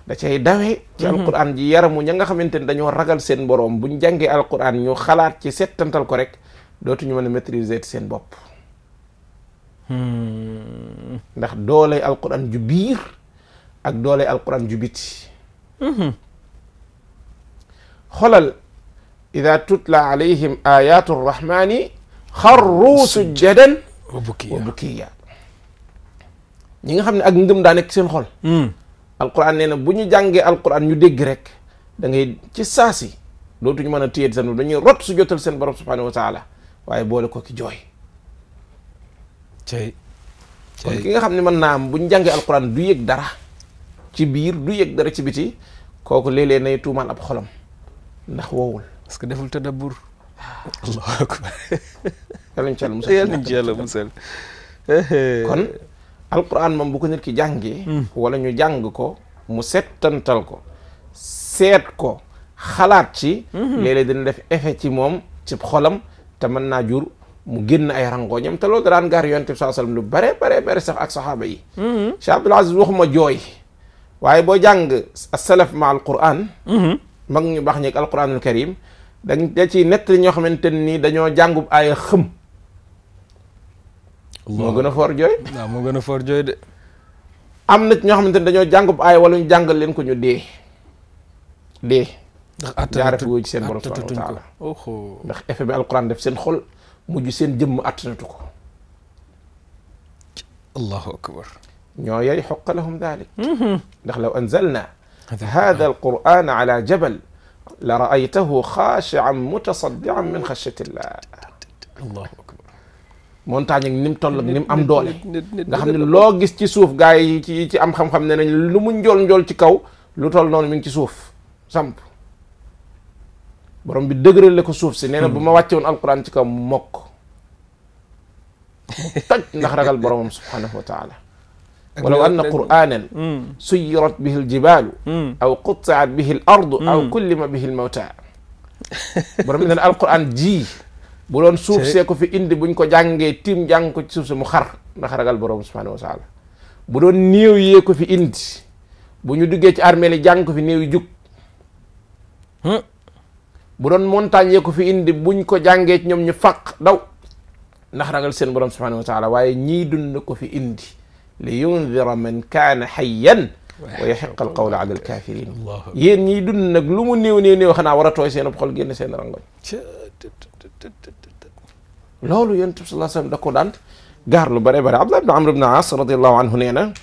da cay dawee ci mhm. alquran ji yaramu ña nga xamante ne dañoo ragal seen bu buñ jàngee alquran ñu xalaat ci settantal ko rek dootuñu mën a maîtriser seen bopp Hmm. ndax doole alquran ju biir ak doole alquran ju biti hmm. xoolal ida tutla alayhim ayatu rrahmani xarru sujjadan wa bukiya wa bukiya ñi nga xam ne ak ngëm daa seen xol hmm. alquran nee na bu ñu jàngee alquran ñu dégg rek da ngay ci saasi dootuñu mën a téye seen dañuy rot su jotal seen borom subhanahu wa taala waaye boole ko ki jooy tey kon ki nga xam ne mën naa am buñ jàngee alquran du yëg dara ci biir du yëg dara ci biti kooku léeg-léeg nay tuumaan ab xolam ndax wowul parce que deful tadabbur ah. allahu akbar yàlla ñu ci yàlla musal kon alquran moom bu ko nit ki jàngee hmm. wala ñu jàng ko mu settantal ko seet ko xalaat ci hmm. léeg dina def effet ci moom ci xolam te mën naa jur mu génn ay rangoñam te loolu daan gaar yonent bi saa sallam lu bare bare bare sax ak saxaaba yi mhm. Cheikh Abdoul Aziz waxuma jooy waaye boo jàng as-salaf ma al-Qur'an mhm. mag ñu baax ñeeg al-Qur'anul karim dañ da ci nett ñoo xamante ni dañoo jàngub aaya xëm moo gën a foor jooy waaw moo gën a foor jooy de am na ñoo xamante ni dañoo jàngub aaya wala ñu jàngal leen ko ñu dee dee ndax jaaratu ci seen borom subhanahu wa taala ndax effet bi alquran def seen xol mujj seen jëmm attanatu ko allahu akbar ñoo yey xoqa lahum dalik mhm. ndax law anzalna hada alquran ala jabal la raaytahu xaashian mutasaddian min xashatillah allahu akbar montagne ak ni toll ak am doole nga xam ne loo gis ci suuf gars ci ci am xam-xam ne nañ lu mu njool njool ci kaw lu toll noonu mi ngi ci suuf samp borom bi dëgërale ko suuf si nee hmm. bu ma wàcce woon alquran ci kaw mokk toj ndax ragal boromam subhanahu wa taala walaw anna qur'aanan hmm. suyirat bihi aljibaalu hmm. aw quttiat bihi al ardu aw kullima bihi almawta borom bi nee na alquran ji bu doon suuf see ko fi indi buñ ko jàngee tiim jàng ko suuf si mu xar ndax ragal borom subhanahu wa taala bu doon néew yee ko fi indi bu ñu duggee ci armée li jàng ko fi néew yi bu doon montagne yee ko fi indi buñ ko jàngee ci ñoom ñu faq daw ndax ragal seen borom subhanahu wa taala waaye ñii dund ko fi indi li yundira man kaana hayyan wa yaxiqa alqawlu ala alkafirin yéen ñii dund nag lu mu néew néew néew xanaa war a tooy seen xol génn seen rangoñ loolu yonent bi sallallahu alayhi wa da ko daan gaar lu bare bare Abdullah ibn Amr ibn As radiyallahu anhu nee na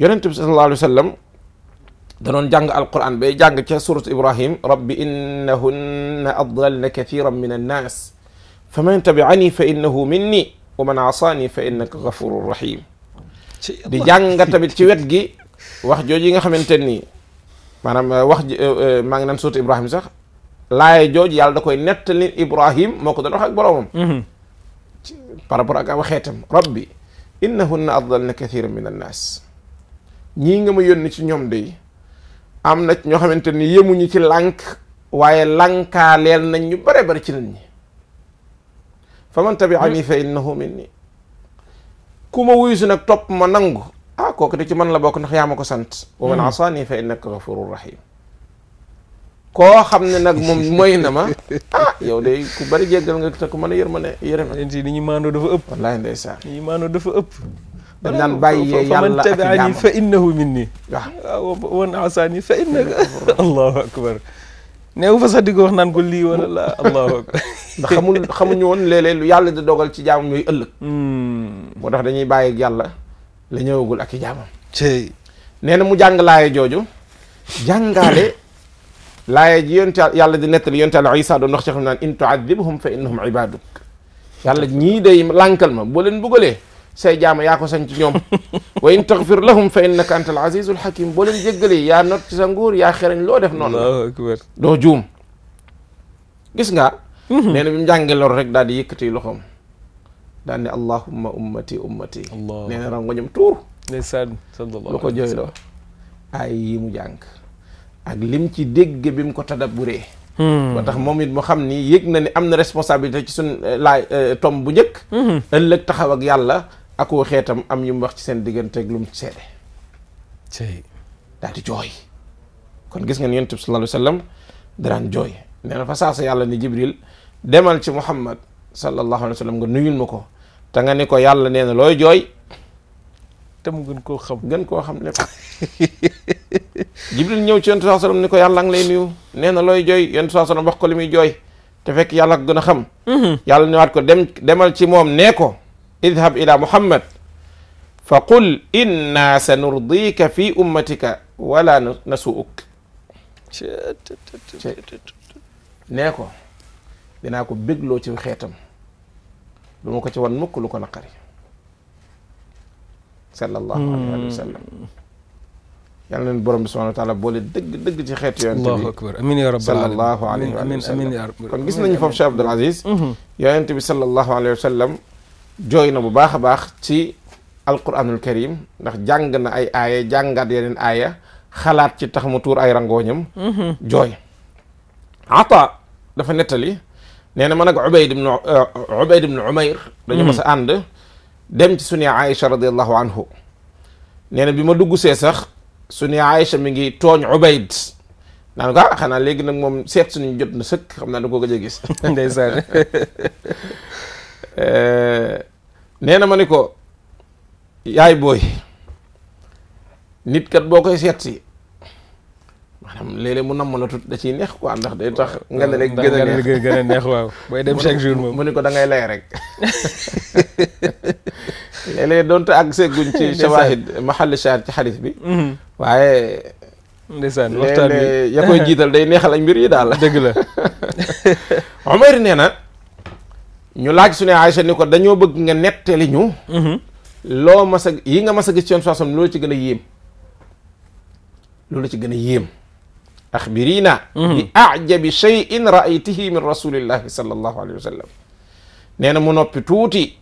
yonent bi sallallahu alayhi wa danoon jàng alquran bay jàng ca surat ibrahim rabbi innahunna adlalna kathiran na annas faman tabiani fa innahu minni wa man asaani fa innaka gafurun rahim di jàng tamit ci wet gi wax jooju yi nga xamante ni maanaam eh, wax eh, eh, maa ngi naan surat ibrahim sax laaye jooju yàlla da koy nettali ibrahim moo ko doon wax ak boroomam mhm. par rapport na waxeetam rabbi innahunna adlalna kathiran min annas ñii nga ma yónni ci ñoom day am na ñoo xamante ni yemuñu ci lank waaye lànkaaleel nañ ñu bare bari ci nit ñi fa man tabi'ani fa innahu minni ku ma wuyu si nag topp ma nangu ah kooku de ci man la bokk ndax yaa ko sant wa man hmm. asaani fa innaka gafurun rahim koo xam ne nag moom mooy na ma ah yow de ku bari jéggal nga te ku mën a yërmande yërëma. li ñu maandoo dafa ëpp. wallaahi ndeysaan. li ñu maandoo dafa ëpp. dañ naan bàyyee yàlla ak ñaama fa innahu minni waaw ah, wan asaani fa innaka allahu akbar neew fa sax di ko wax naan ko lii wala la allahu akbar ndax xamul xamuñu woon léeg-léeg lu yàlla di dogal ci jaamam yooyu ëllëg hmm. moo tax dañuy bàyyi ak yàlla la ñëwagul ak i jaamam tey nee na mu jàng laaya jooju jàngaale laaya ji yonte yàlla di nettali yonte yàlla Isa doon wax ci xam naan in tuadibhum fa innahum ibaduk yàlla ñii day lànkal ma boo leen bëggalee say jaama yaa ko sañ ci ñoom wa in taxfir lahum fa innaka anta al azizul hakim boo leen jéggalee yaa not ci sa nguur yaa xerañ loo def noonu la doo juum gis nga mhm. nee na bi mu jàngee loolu di yëkkati loxoom daal ne allahumma ko jooy mu jàng ak lim ci dégg bi mu ko tadabburee hmm. ba tax moom it mu xam ni yëg na ni am na responsabilité ci suñ eh, laay eh, tomb bu njëkk hmm. ëllëg taxaw ak yàlla akoo xeetam am ñu mu wax ci seen digganteeg lu mu seede daal di jooy kon gis ngeen yonent bi sallallahu alayhi wa sallam daraan jooy nee na fa saasa yàlla ni jibril demal ci muhammad sallallahu alayhi wa sallam nga nuyul ma ko te nga ko yàlla na looy jooy te mu gën koo gën koo xam lépp ñëw ci yonent sallallahu ko yàlla ngi lay nuyu nee looy jooy yonent sallallahu wax ko li muy jooy te fekk yàlla ko gën a xam mm-hmm. yàlla ni waat ko dem demal ci moom nee ko idhab ila muhammad fa qul inna sa nurdika fi ummatika wala nasuuk nee ko dinaa ko bégloo ci xeetam lu ma ko ci wan mukk lu ko naqari sallallahu alayhi wa sallam yàlla nañu borom bi subhanahu wa taala boole dëgg dëgg ci xeetu yonente bi allahu akbar amiin ya rabbal alamin sallallahu alayhi wa sallam kon gis nañu foofu Cheikh Abdoul Aziz mhm. yonente bi sallallahu alayhi wa sallam jooy na bu baax a baax ci alquranul karim ndax jàng na ay aaya jàngat yeneen aaya xalaat ci tax mu tuur ay rangooñam mhm. jooy ata dafa nettali nee na man ak ubayd ibn uh, ubayd ibn umayr dañu mhm. mas a ànd dem ci suñu aïcha radiallahu anhu nee bi ma dugg see sax suñu aïcha mi ngi tooñ ubayd naan ah, léegi nag moom seet suñu jot na sëkk xam naa da ko gëj a gis Eh, nee na ma ni ko yaay booy nit kat boo koy seet si maanaam léeg-léeg mu namm la tut da ciy neex quoi ndax day tax. nga ne rek gën a neex gën a neex waaw. booy dem chaque jour moom mu ni ko da ngay lay rek léeg donte ak segguñ ci shawahid mahalli shahid ci xadis bi. Mhm. waaye. ndeysaan ya koy jiital day neexal ak mbir yi daal. dëgg la Omar nee ñu laaj su ne Aïcha ni ko dañoo bëgg nga nettali ñu mhm. loo mas a yi nga mas a gis ci yoon saa sam loolu ci gën a yéem loolu ci gën a yéem axbirina mhm. bi ajabi cheyin raaytihi min rasulillahi sallallahu alayhi wa sallam nee na mu noppi tuuti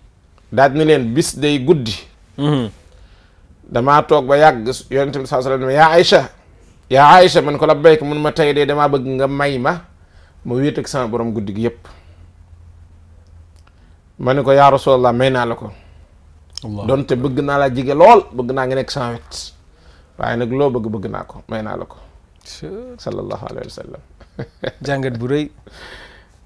daaj ni leen bis day guddi mhm. damaa toog ba yàgg yonente bi saa sallam yaa Aïcha yaa Aïcha man ko labbayk mun ma tey de damaa bëgg nga may ma ma wéet ak sama borom guddi gi yëpp ma ne ko yaa rasulallah may naa la ko doon te bëgg naa laa jige lool bëgg naa ngi nekk sans wet waaye nag loo bëgg bëgg naa ko may naa la ko sallallahu alayhi wa sallam jàngat bu rëy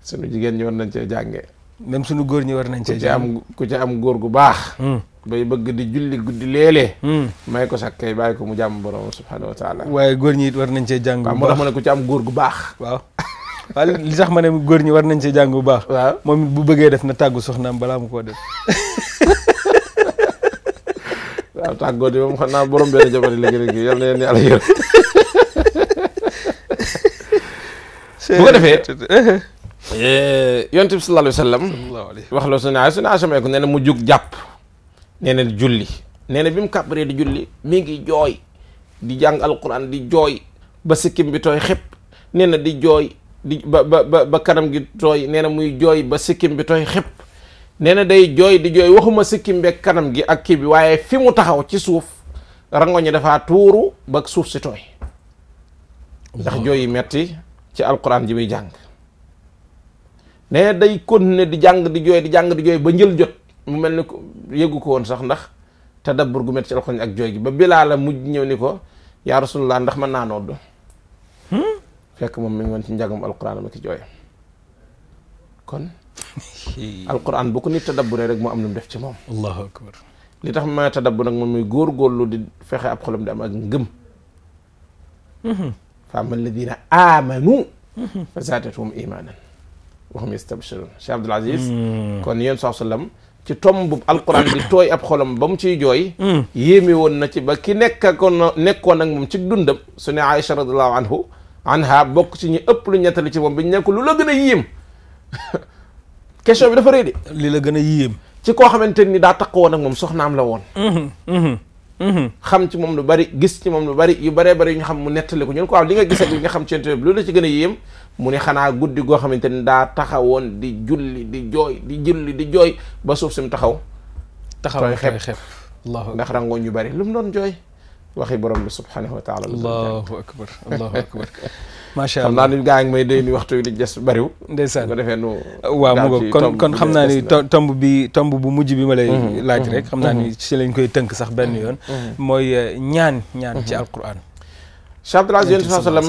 sunu jigéen ñi war nañ cee jànge même sunu góor ñi war nañ cee jànge am ku ci am góor gu baax hmm. bay bëgg di julli guddi léeg-léeg hmm. may ko sax kay bàyyi ko mu jàmm borom subhanahu wa waaye góor ñi it war nañ cee jàng bu baax moo ne ku ci am góor gu baax waaw li tax ma ne góor ñi war nañ ci jàng bu baax. waaw moom bu bëggee def na tàggu soxnaam balaa mu koo def. waaw tàggoo di moom xam naa borom benn jabar yi léegi léegi yal na yéen yàlla yor. bu ko defee. Eh, yonent bi sallallahu alayhi wa sallam. wax loo su ne su ne asama ko nee na mu jug jàpp. nee na julli. nee na bi mu kàbbaree di julli mi ngi jooy. di jàng alquran di jooy. ba sikkim bi tooy xëpp. nee na di jooy. di ba ba ba kanam gi tooy nee na muy jooy ba sikkim bi tooy xëpp nee na day jooy di jooy waxuma sikkim bi ak kanam gi ak kii bi waaye fi mu taxaw ci suuf rangoñu dafa tuuru ba suuf si tooy ndax jooy yi metti ci alquran ji muy jàng nee na day continuer di jàng di jooy di jàng di jooy ba njël jot mu mel ni ko yëgu ko woon sax ndax te tadabbur gu metti ci alquran ak jooy gi ba bilaa la mujj ñëw ni ko yaa rasulullah ndax mën naa nodd hmm? fekk moom mi ngi woon ci njàngum alquran ma ki jooy kon alquran bu ko tadabbure rek moo am lu mu def ci moom li tax ma tadabbur nag moom muy góorgóorlu di fexe ab xolam di am ak ngëm mhm. fa ama alladina amanu fa zaadathum imanan wa hum yastabshirun cheikh mm. ci tomb bu tooy ab xolam ba mu ciy jooy mm. yéeme woon na ci ba ki nekk ko nekkoon ak moom ci dundam su ne aïcha radiallahu anhu anha bokk ci ñu ëpp lu ñettali ci moom bi ñu ne lu la gën a yéem question bi dafa rëy de. li la gën a yéem. ci koo xamante ni daa takk woon ak moom soxnaam la woon. Mhm, mhm, mhm. xam ci moom lu bari gis ci moom lu bari yu baree bari ñu xam mu nettali ko ñun ko waaw li nga gis ak li nga xam ci internet bi loolu la ci gën a yéem mu ne xanaa guddi goo xamante ni daa taxawoon di julli di jooy di julli di jooy ba suuf si mu taxaw. taxaw xepp ndax rangoon ñu bari lu mu doon jooy. waxi borom bi subhanahu wa taala allahu akbar allahu akbar macha allah xam naa ni gaa ngi may day ni waxtu wi di des bariw ndeysaan ko defee nu waaw mu ngo kon kon xam naa ni tomb bi tomb bu mujj bi ma lay mm-hmm. laaj rek xam naa ni mm-hmm. ci lañ koy tënk sax benn yoon mm-hmm. mooy eh, ñaan ñaan ci alquran chabdulage yonent bi sallam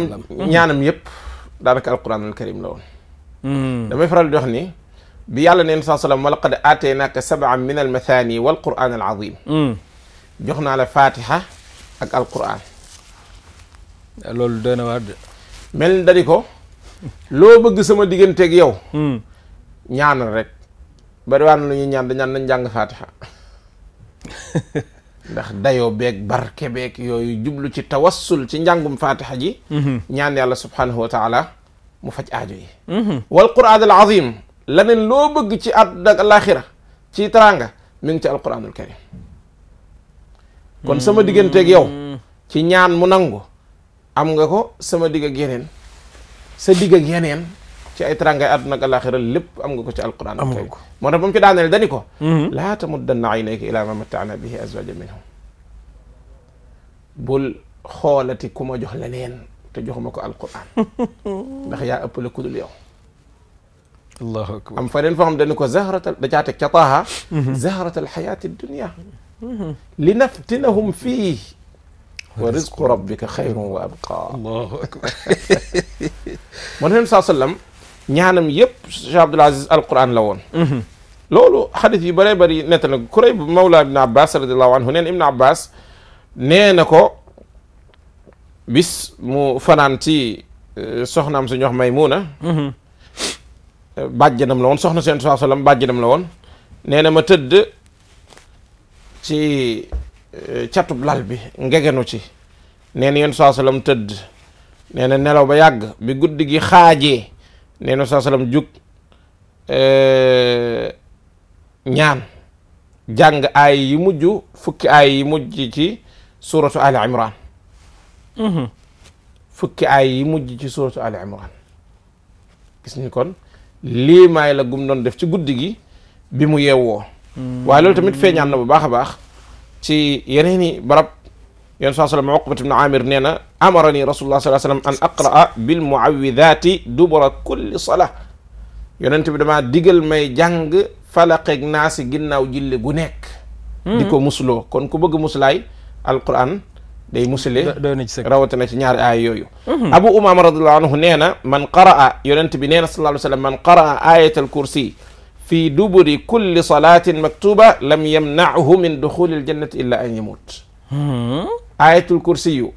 ñaanam yëpp daanaka alquran al karim la woon mm. damay faral di wax ni bi yàlla neen saa sallam wa laqad aataynaaka sab'an min al mathani wal quran al azim mm. jox naa la fatiha ak alquran loolu doy na waar de mel ni ko loo bëgg sama digganteeg yow hmm. ñaanal rek bari waan lu ñuy ñaan da ñaan jàng faatiha ndax dayoo beeg barke beeg yooyu jublu ci tawassul ci njàngum faatiha ji hmm. ñaan yàlla subhanahu wa mu faj aajo yi hmm. wal quraan al azim laneen loo bëgg ci àdduna ak alaaxira ci teraanga mi ngi ci alquranul karim kon sama digganteeg yow mm. ci ñaan mu nangu am nga ko sama digg ak yeneen sa digg ak yeneen ci ay teraangaay àdduna ak alaaxira lépp am nga ko ci alquran am nga ko moo tax ba mu ci daaneel dani ko mm-hmm. laa tamuddanna aynayka ilaa ma mattaana bihi azwaajan minhum bul xoolati ku ma jox leneen te joxuma ko alquran ndax yaa ëppale ku dul yow am fa neen foo xam dani ko zahratal da caa teg ca taaha mm-hmm. zahratal xayaati dunia li naftinahum fii wa rizqu rabbika xayrun wa abqa allahu akbar moo tax saa sallam ñaanam yëpp Cheikh Abdoul Aziz alquran la woon mhm. loolu xadis yi bëree bëri nett na Kurayb mawla ibn abbas radiallahu anhu neen ibn abbas nee na ko bis mu fanaan ci euh, soxnaam suñu wax Maymuna mhm. bàjjanam la woon soxna seen saa sallam bàjjanam la woon nee na ma tëdd ci eh, catub lal bi ngegenu ci nee yenn yéen salaam tëdd nena na nelaw ba yàgg bi guddi gi xaajee nee na saa salaam jug eh, ñaan jàng aay yi mujj fukki aay yi mujj ci suratu ali imran mm-hmm. fukki aay yi mujj ci suratu ali imran gis ñu kon la gum def ci guddi gi bi mu yeewoo waaye loolu tamit feeñaan na bu baax a baax ci yeneen i barab yon saa sallam uqbat ibn amir nee na amarani rasulullah sallallahu alayhi wasallam an aqraa bil muawidati dubura kulli sala yonent bi damaa digal may jàng falaqeeg naa si ginnaaw jilli gu nekk hmm. di ko musloo kon ku bëgg muslaay alquran day musule rawatina ci ñaari aaya yooyu hmm. abu umama radiallahu anhu nee na man qaraa yonent bi nee na sallallahu alayhi wasallam man qaraa ayatal kursi fi duburi kulli salatin maktuba lam yamnaahu min duxuli aljannati illa an yamut hmm? ayatul kursi yu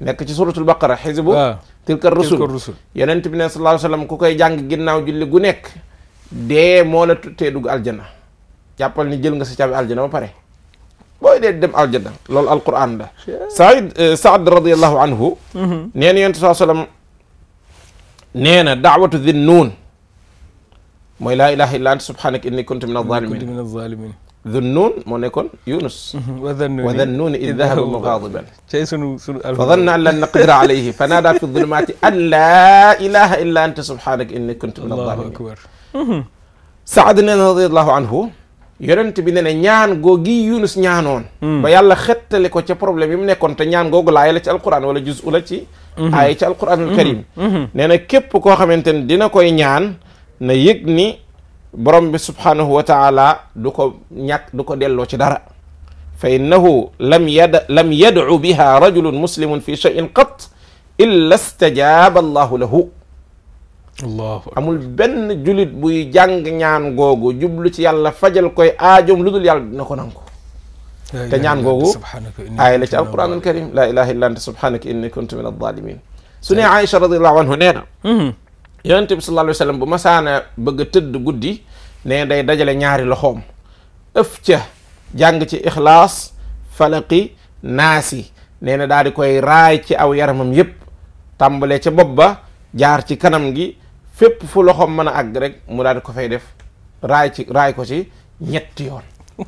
nekk ci suratul baqara xisbu ah. tilka rusul yonent bi ne sallallahu alayhi wa sallam ku koy jàng ginnaaw julli gu nekk dee moo la tee dugg aljana jàppal ni jël nga sa caabi aljana ba pare booy dee dem aljana loolu alquran la said euh, saad radiallahu anhu mm-hmm. nee na yonent sallallahu alayhi wa sallam nee na daawatu dhin nuun mooy laa ilaha illa anta subhanaka inni kuntu min azalimin Dhunnuun moo nekkoon Yunus. Mhm, wa dhannuuni wa dhannuuni id dhahaba mughaadiban. cay sunu sunu alfa. fa dhanna an lan naqdira alayhi fa naadaa fi dhulumaati an laa ilaaha illa anta subhaanaka inni kuntu mina z-zaalimiin. Mhm. Saad nee na radiyallahu anhu. yonent bi ne ne ñaan googi Yunus ñaanoon. Mm. ba yàlla xettali ko ca problème yi mu nekkoon te ñaan googu laay la ci alquran wala juz la ci. Mm-hmm. aaya ci alquranul karim. Mm-hmm. Mm-hmm. nee na képp koo xamante ne dina koy ñaan. na yëg ni borom bi subhanahu wa taala du ko ñàkk du ko delloo ci dara fa innahu lam yad lam yadcu biha rajulun muslimun fi cheyin qat illa stajaaba allahu lahu allahu amul benn julit buy jàng ñaan googu jublu ci yàlla fajal koy aajom lu dul yàlla dina ko nangu te ñaan googu aaya la ci alquran alkarim laa ilaha illa anta subhanaka inni kuntu min alzalimin su ne aïcha radiallahu anhu nee na mm-hmm. yonente si sallallahu alayhi wa sallam bu masaana bëgg a tëdd guddi ne day dajale ñaari loxoom ëf ca jàng ci ixlaas falaqi naasi nee na daal di koy raay ci aw yaramam yépp tàmbalee ca bopp ba jaar ci kanam gi fépp fu loxoom mën a rek mu daal di ko fay def raay raay ko ci ñetti yoon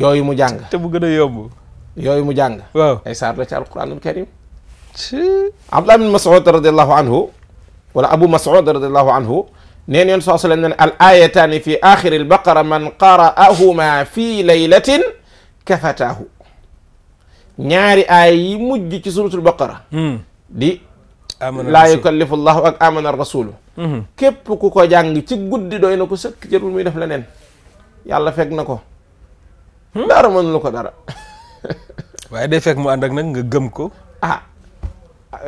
yooyu mu jàng te mu a yomb yooyu mu jàng waaw ay saar la ci alquranul karim abdullah bin mas'ud radiallahu anhu wala abu mas'ud radiallahu anhu nee neen fi axiri albaqara man qara'ahuma fi laylatin kafataahu ñaari aaya yi mujj ci suratul baqara hmm. di laa yukallifu llahu ak amana rasulu hmm. képp ku ko jàng ci guddi doy na ko sëkk jërul muy def leneen fekk na ko hmm? dara mënulu ko dara waaye day fekk mu ànd ak nga gëm ko ah,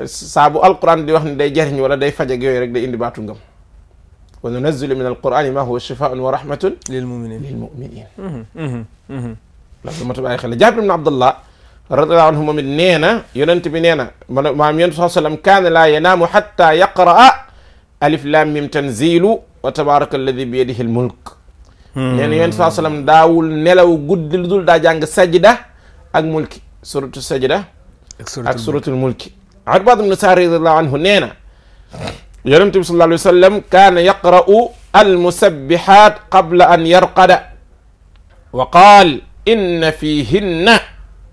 saa bu alquran di wax ne day jariñ wala day faj ak yooyu rek day indi baatu ngëm wa nunazzilu min alqurani ma huwa shifaun wa rahmatun lil muminin lil muminin mhm, mhm, mhm. loolu ma ta bàyyi xel jaabir ibn abdullah radiallahu anhu moom it nee na yonent bi nee na man maam yonent saa sallam kaana laa yanaamu xatta yaqraa alif lam mim tanzilu wa tabaraka alladi bi yadihi almulk hmm. nee na yonent saa sallam daawul nelaw guddi lu dul daa jàng sajda ak mulki suratu sajda ak suratul mulki Arbaad ibnu Saari radiyallaahu anhu nee na yonent bi sallallaahu alayhi wa sallam kaana yaqra'u almusabbihaat qabla an yarqada wa qaal inna fiihinna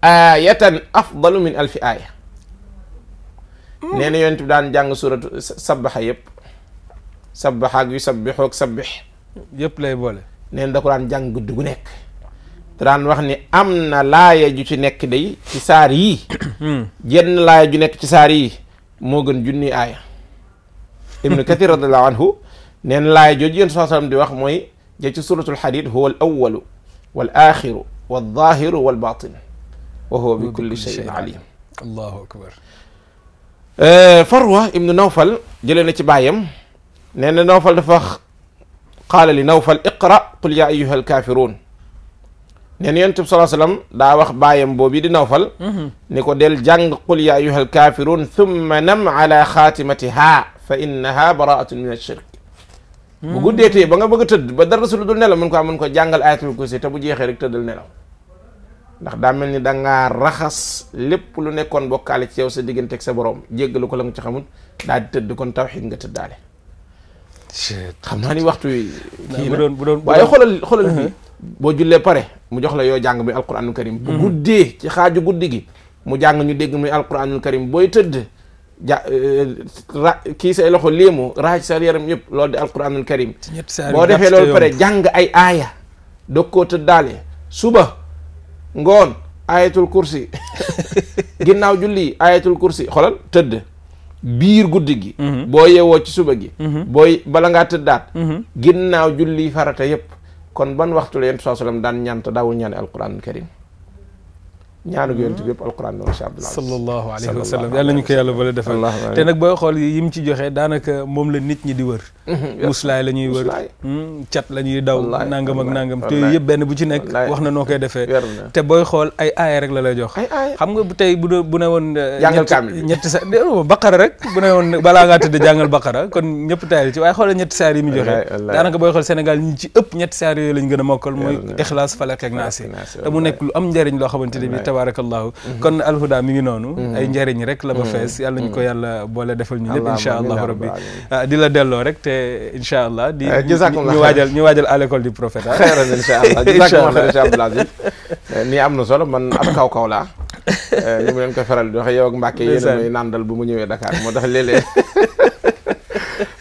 aayatan afdalu min alfi aaya nee na yonent bi daan jàng suuratu sabbaxa yëpp sabbaxaak yu sabbixoog sabbix yëpp lay boole nee na da ko daan jàng guddi gu nekk daan wax ni am na laaya ju ci nekk day ci saar yii hmm. jenn laaya ju nekk ci saar yii moo gën junni aaya ibnu kathir radiallahu anhu neen laaya jooju yéen saa sallam di wax mooy ja ci suratul xadid huwa al awalu wal axiru wal zahiru wal batin wa huwa bi kulli cheyin alim allahu akbar eh, farwa ibnu nawfal jëlee na ci bàyyam nee na nawfal dafa qaala li nawfal iqra qul ya ayuha alkafirun neen yonent bi salaa sallam daa wax baayam boobu di nawfal mhm. ni ko del jàng qul ya ayyuha alkafirun thumma nam ala xaatimatiha fa innaha baraatun min alshirk hmm. bu guddee tey ba nga bëgg tëdd ba dara su lu dul nelaw mun ko mun ko jàngal ayatul kursi te bu jeexe rek tëddal nelaw ndax daa mel ni dangaa raxas lépp lu nekkoon bokkaale ci yow sa diggante ak sa borom jéggalu ko la nga ci xamul daal tëdd kon tawxiid nga tëddaale xam naa ni waxtu kii bu doon bu doon waaye xoolal uh-huh. boo jullee pare mu jox la yoo jàng muy alquranul karim bu mm-hmm. guddee ci xaaju guddi gi mu jàng ñu dégg muy alquranul karim booy tëdd ja euh, ra kii say loxo léemu raaj sa yaram yëpp loolu di alquranul karim boo defee loolu pare jàng ay aaya doog koo tëddaale suba ngoon ayatul kursi ginnaaw julli ayatul kursi xolal tëdd biir guddi gi mm-hmm. boo yeewoo ci suba gi mm-hmm. booy bala ngaa tëddaat ginnaaw julli farata yëpp kon ban waxtu la yonent bi sallallahu alayhi wa sallam daan ñaan te daawul ñaane alquranul karim ñaanu yonent bi yëpp alquran noonu si abdul ñu ko yàlla bala defal te nag booy xool yi mu ci joxe daanaka moom la nit ñi di wër mhm, muslaay la ñuy wër hmm, cat la ñuy daw nangam ak nangam te yëpp benn bu ci nekk wax na noo koy defee te booy xool ay aaya rek la lay jox xam nga tey bu bu ne woon eh, jàngal kaamil sa baqara rek bu ne woon balaa ngaa tëdd jàngal baqara kon ñëpp taayal ci waaye xoolal ñetti saar yi mu joxee daanaka booy xool Sénégal ñi ci ëpp ñetti saar yooyu lañ gën a mokkal mooy ixlaas falaq ak naas te mu nekk lu am njëriñ loo xamante ne tabarakallahu mhm. kon alhuda mi ngi noonu mhm. ay njëriñ rek la ba mhm. fees yàlla ñu ko yàlla boole defal ñu lépp insha allahu rabbi ah, di la delloo rek te insha allah di eh, ñu waajal ñu waajal à l'école du prophète ah xeeran insha allah jazakumullah cheikh Abdoul Aziz eh, am na solo man ab kaw kaw la eh, ni mu leen ko faral di waxe yow ak Mbàkke nàndal bu mu ñëwee Dakar moo tax léeg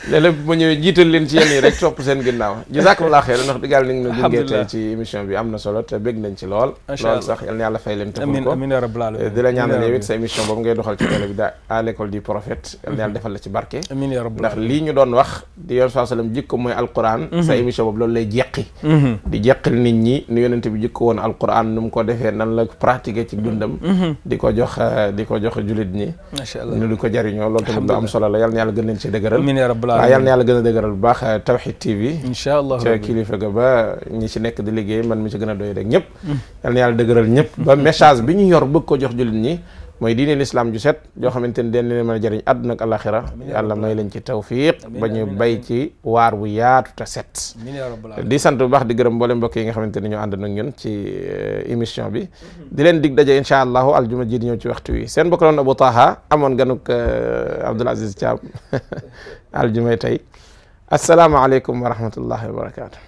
léeg-léeg bu jiital leen ci yéen yi rek topp seen ginnaaw jazakumullah xeer ndax digal ni nga gunge tey di la ñaanal yow sa émission boobu ngay doxal ci télé bi da à l'école du prophète yal na yàlla mhm. defal la ci barke ndax lii ñu doon wax di yoon saa sallam mooy alquran mhm. sa émission boobu loolu lay jeqi mhm. di jeqil nit ñi nu yonente bi jikko woon alquran nu mu ko defee nan la pratiquer ci dundam di ko jox di ko jox julit ñi ñu di ko jariñoo loolu tamit lu waaw yal na yàlla gën a dëgëral bu baax eh, Tawhid TV incha allah ca kilifa ga ba ñi ci nekk di liggéey man mi ci gën a doy rek ñëpp mm. yàlla dëgëral ñëpp ba message bi ñu yor bëgg ko jox jullit ñi mooy diine l'islam ju set joo xamante ni den leen mën a jëriñ àdduna ak alaxira yàlla may leen ci tawfiq ba ñu bay ci waar wu yaatu te set di sant bu baax di gërëm mboolem mbokk yi nga xamante ni ñoo ànd ak ñun ci eh, émission bi di leen dig daje incha allahu aljuma ji di ñëw ci waxtu wi seen mbokk la woon Abou Taha amoon ganuk eh, Abdoul Aziz Thiam aljumay tey asalaamaaleykum wa rahmatullahi wa barakaatu.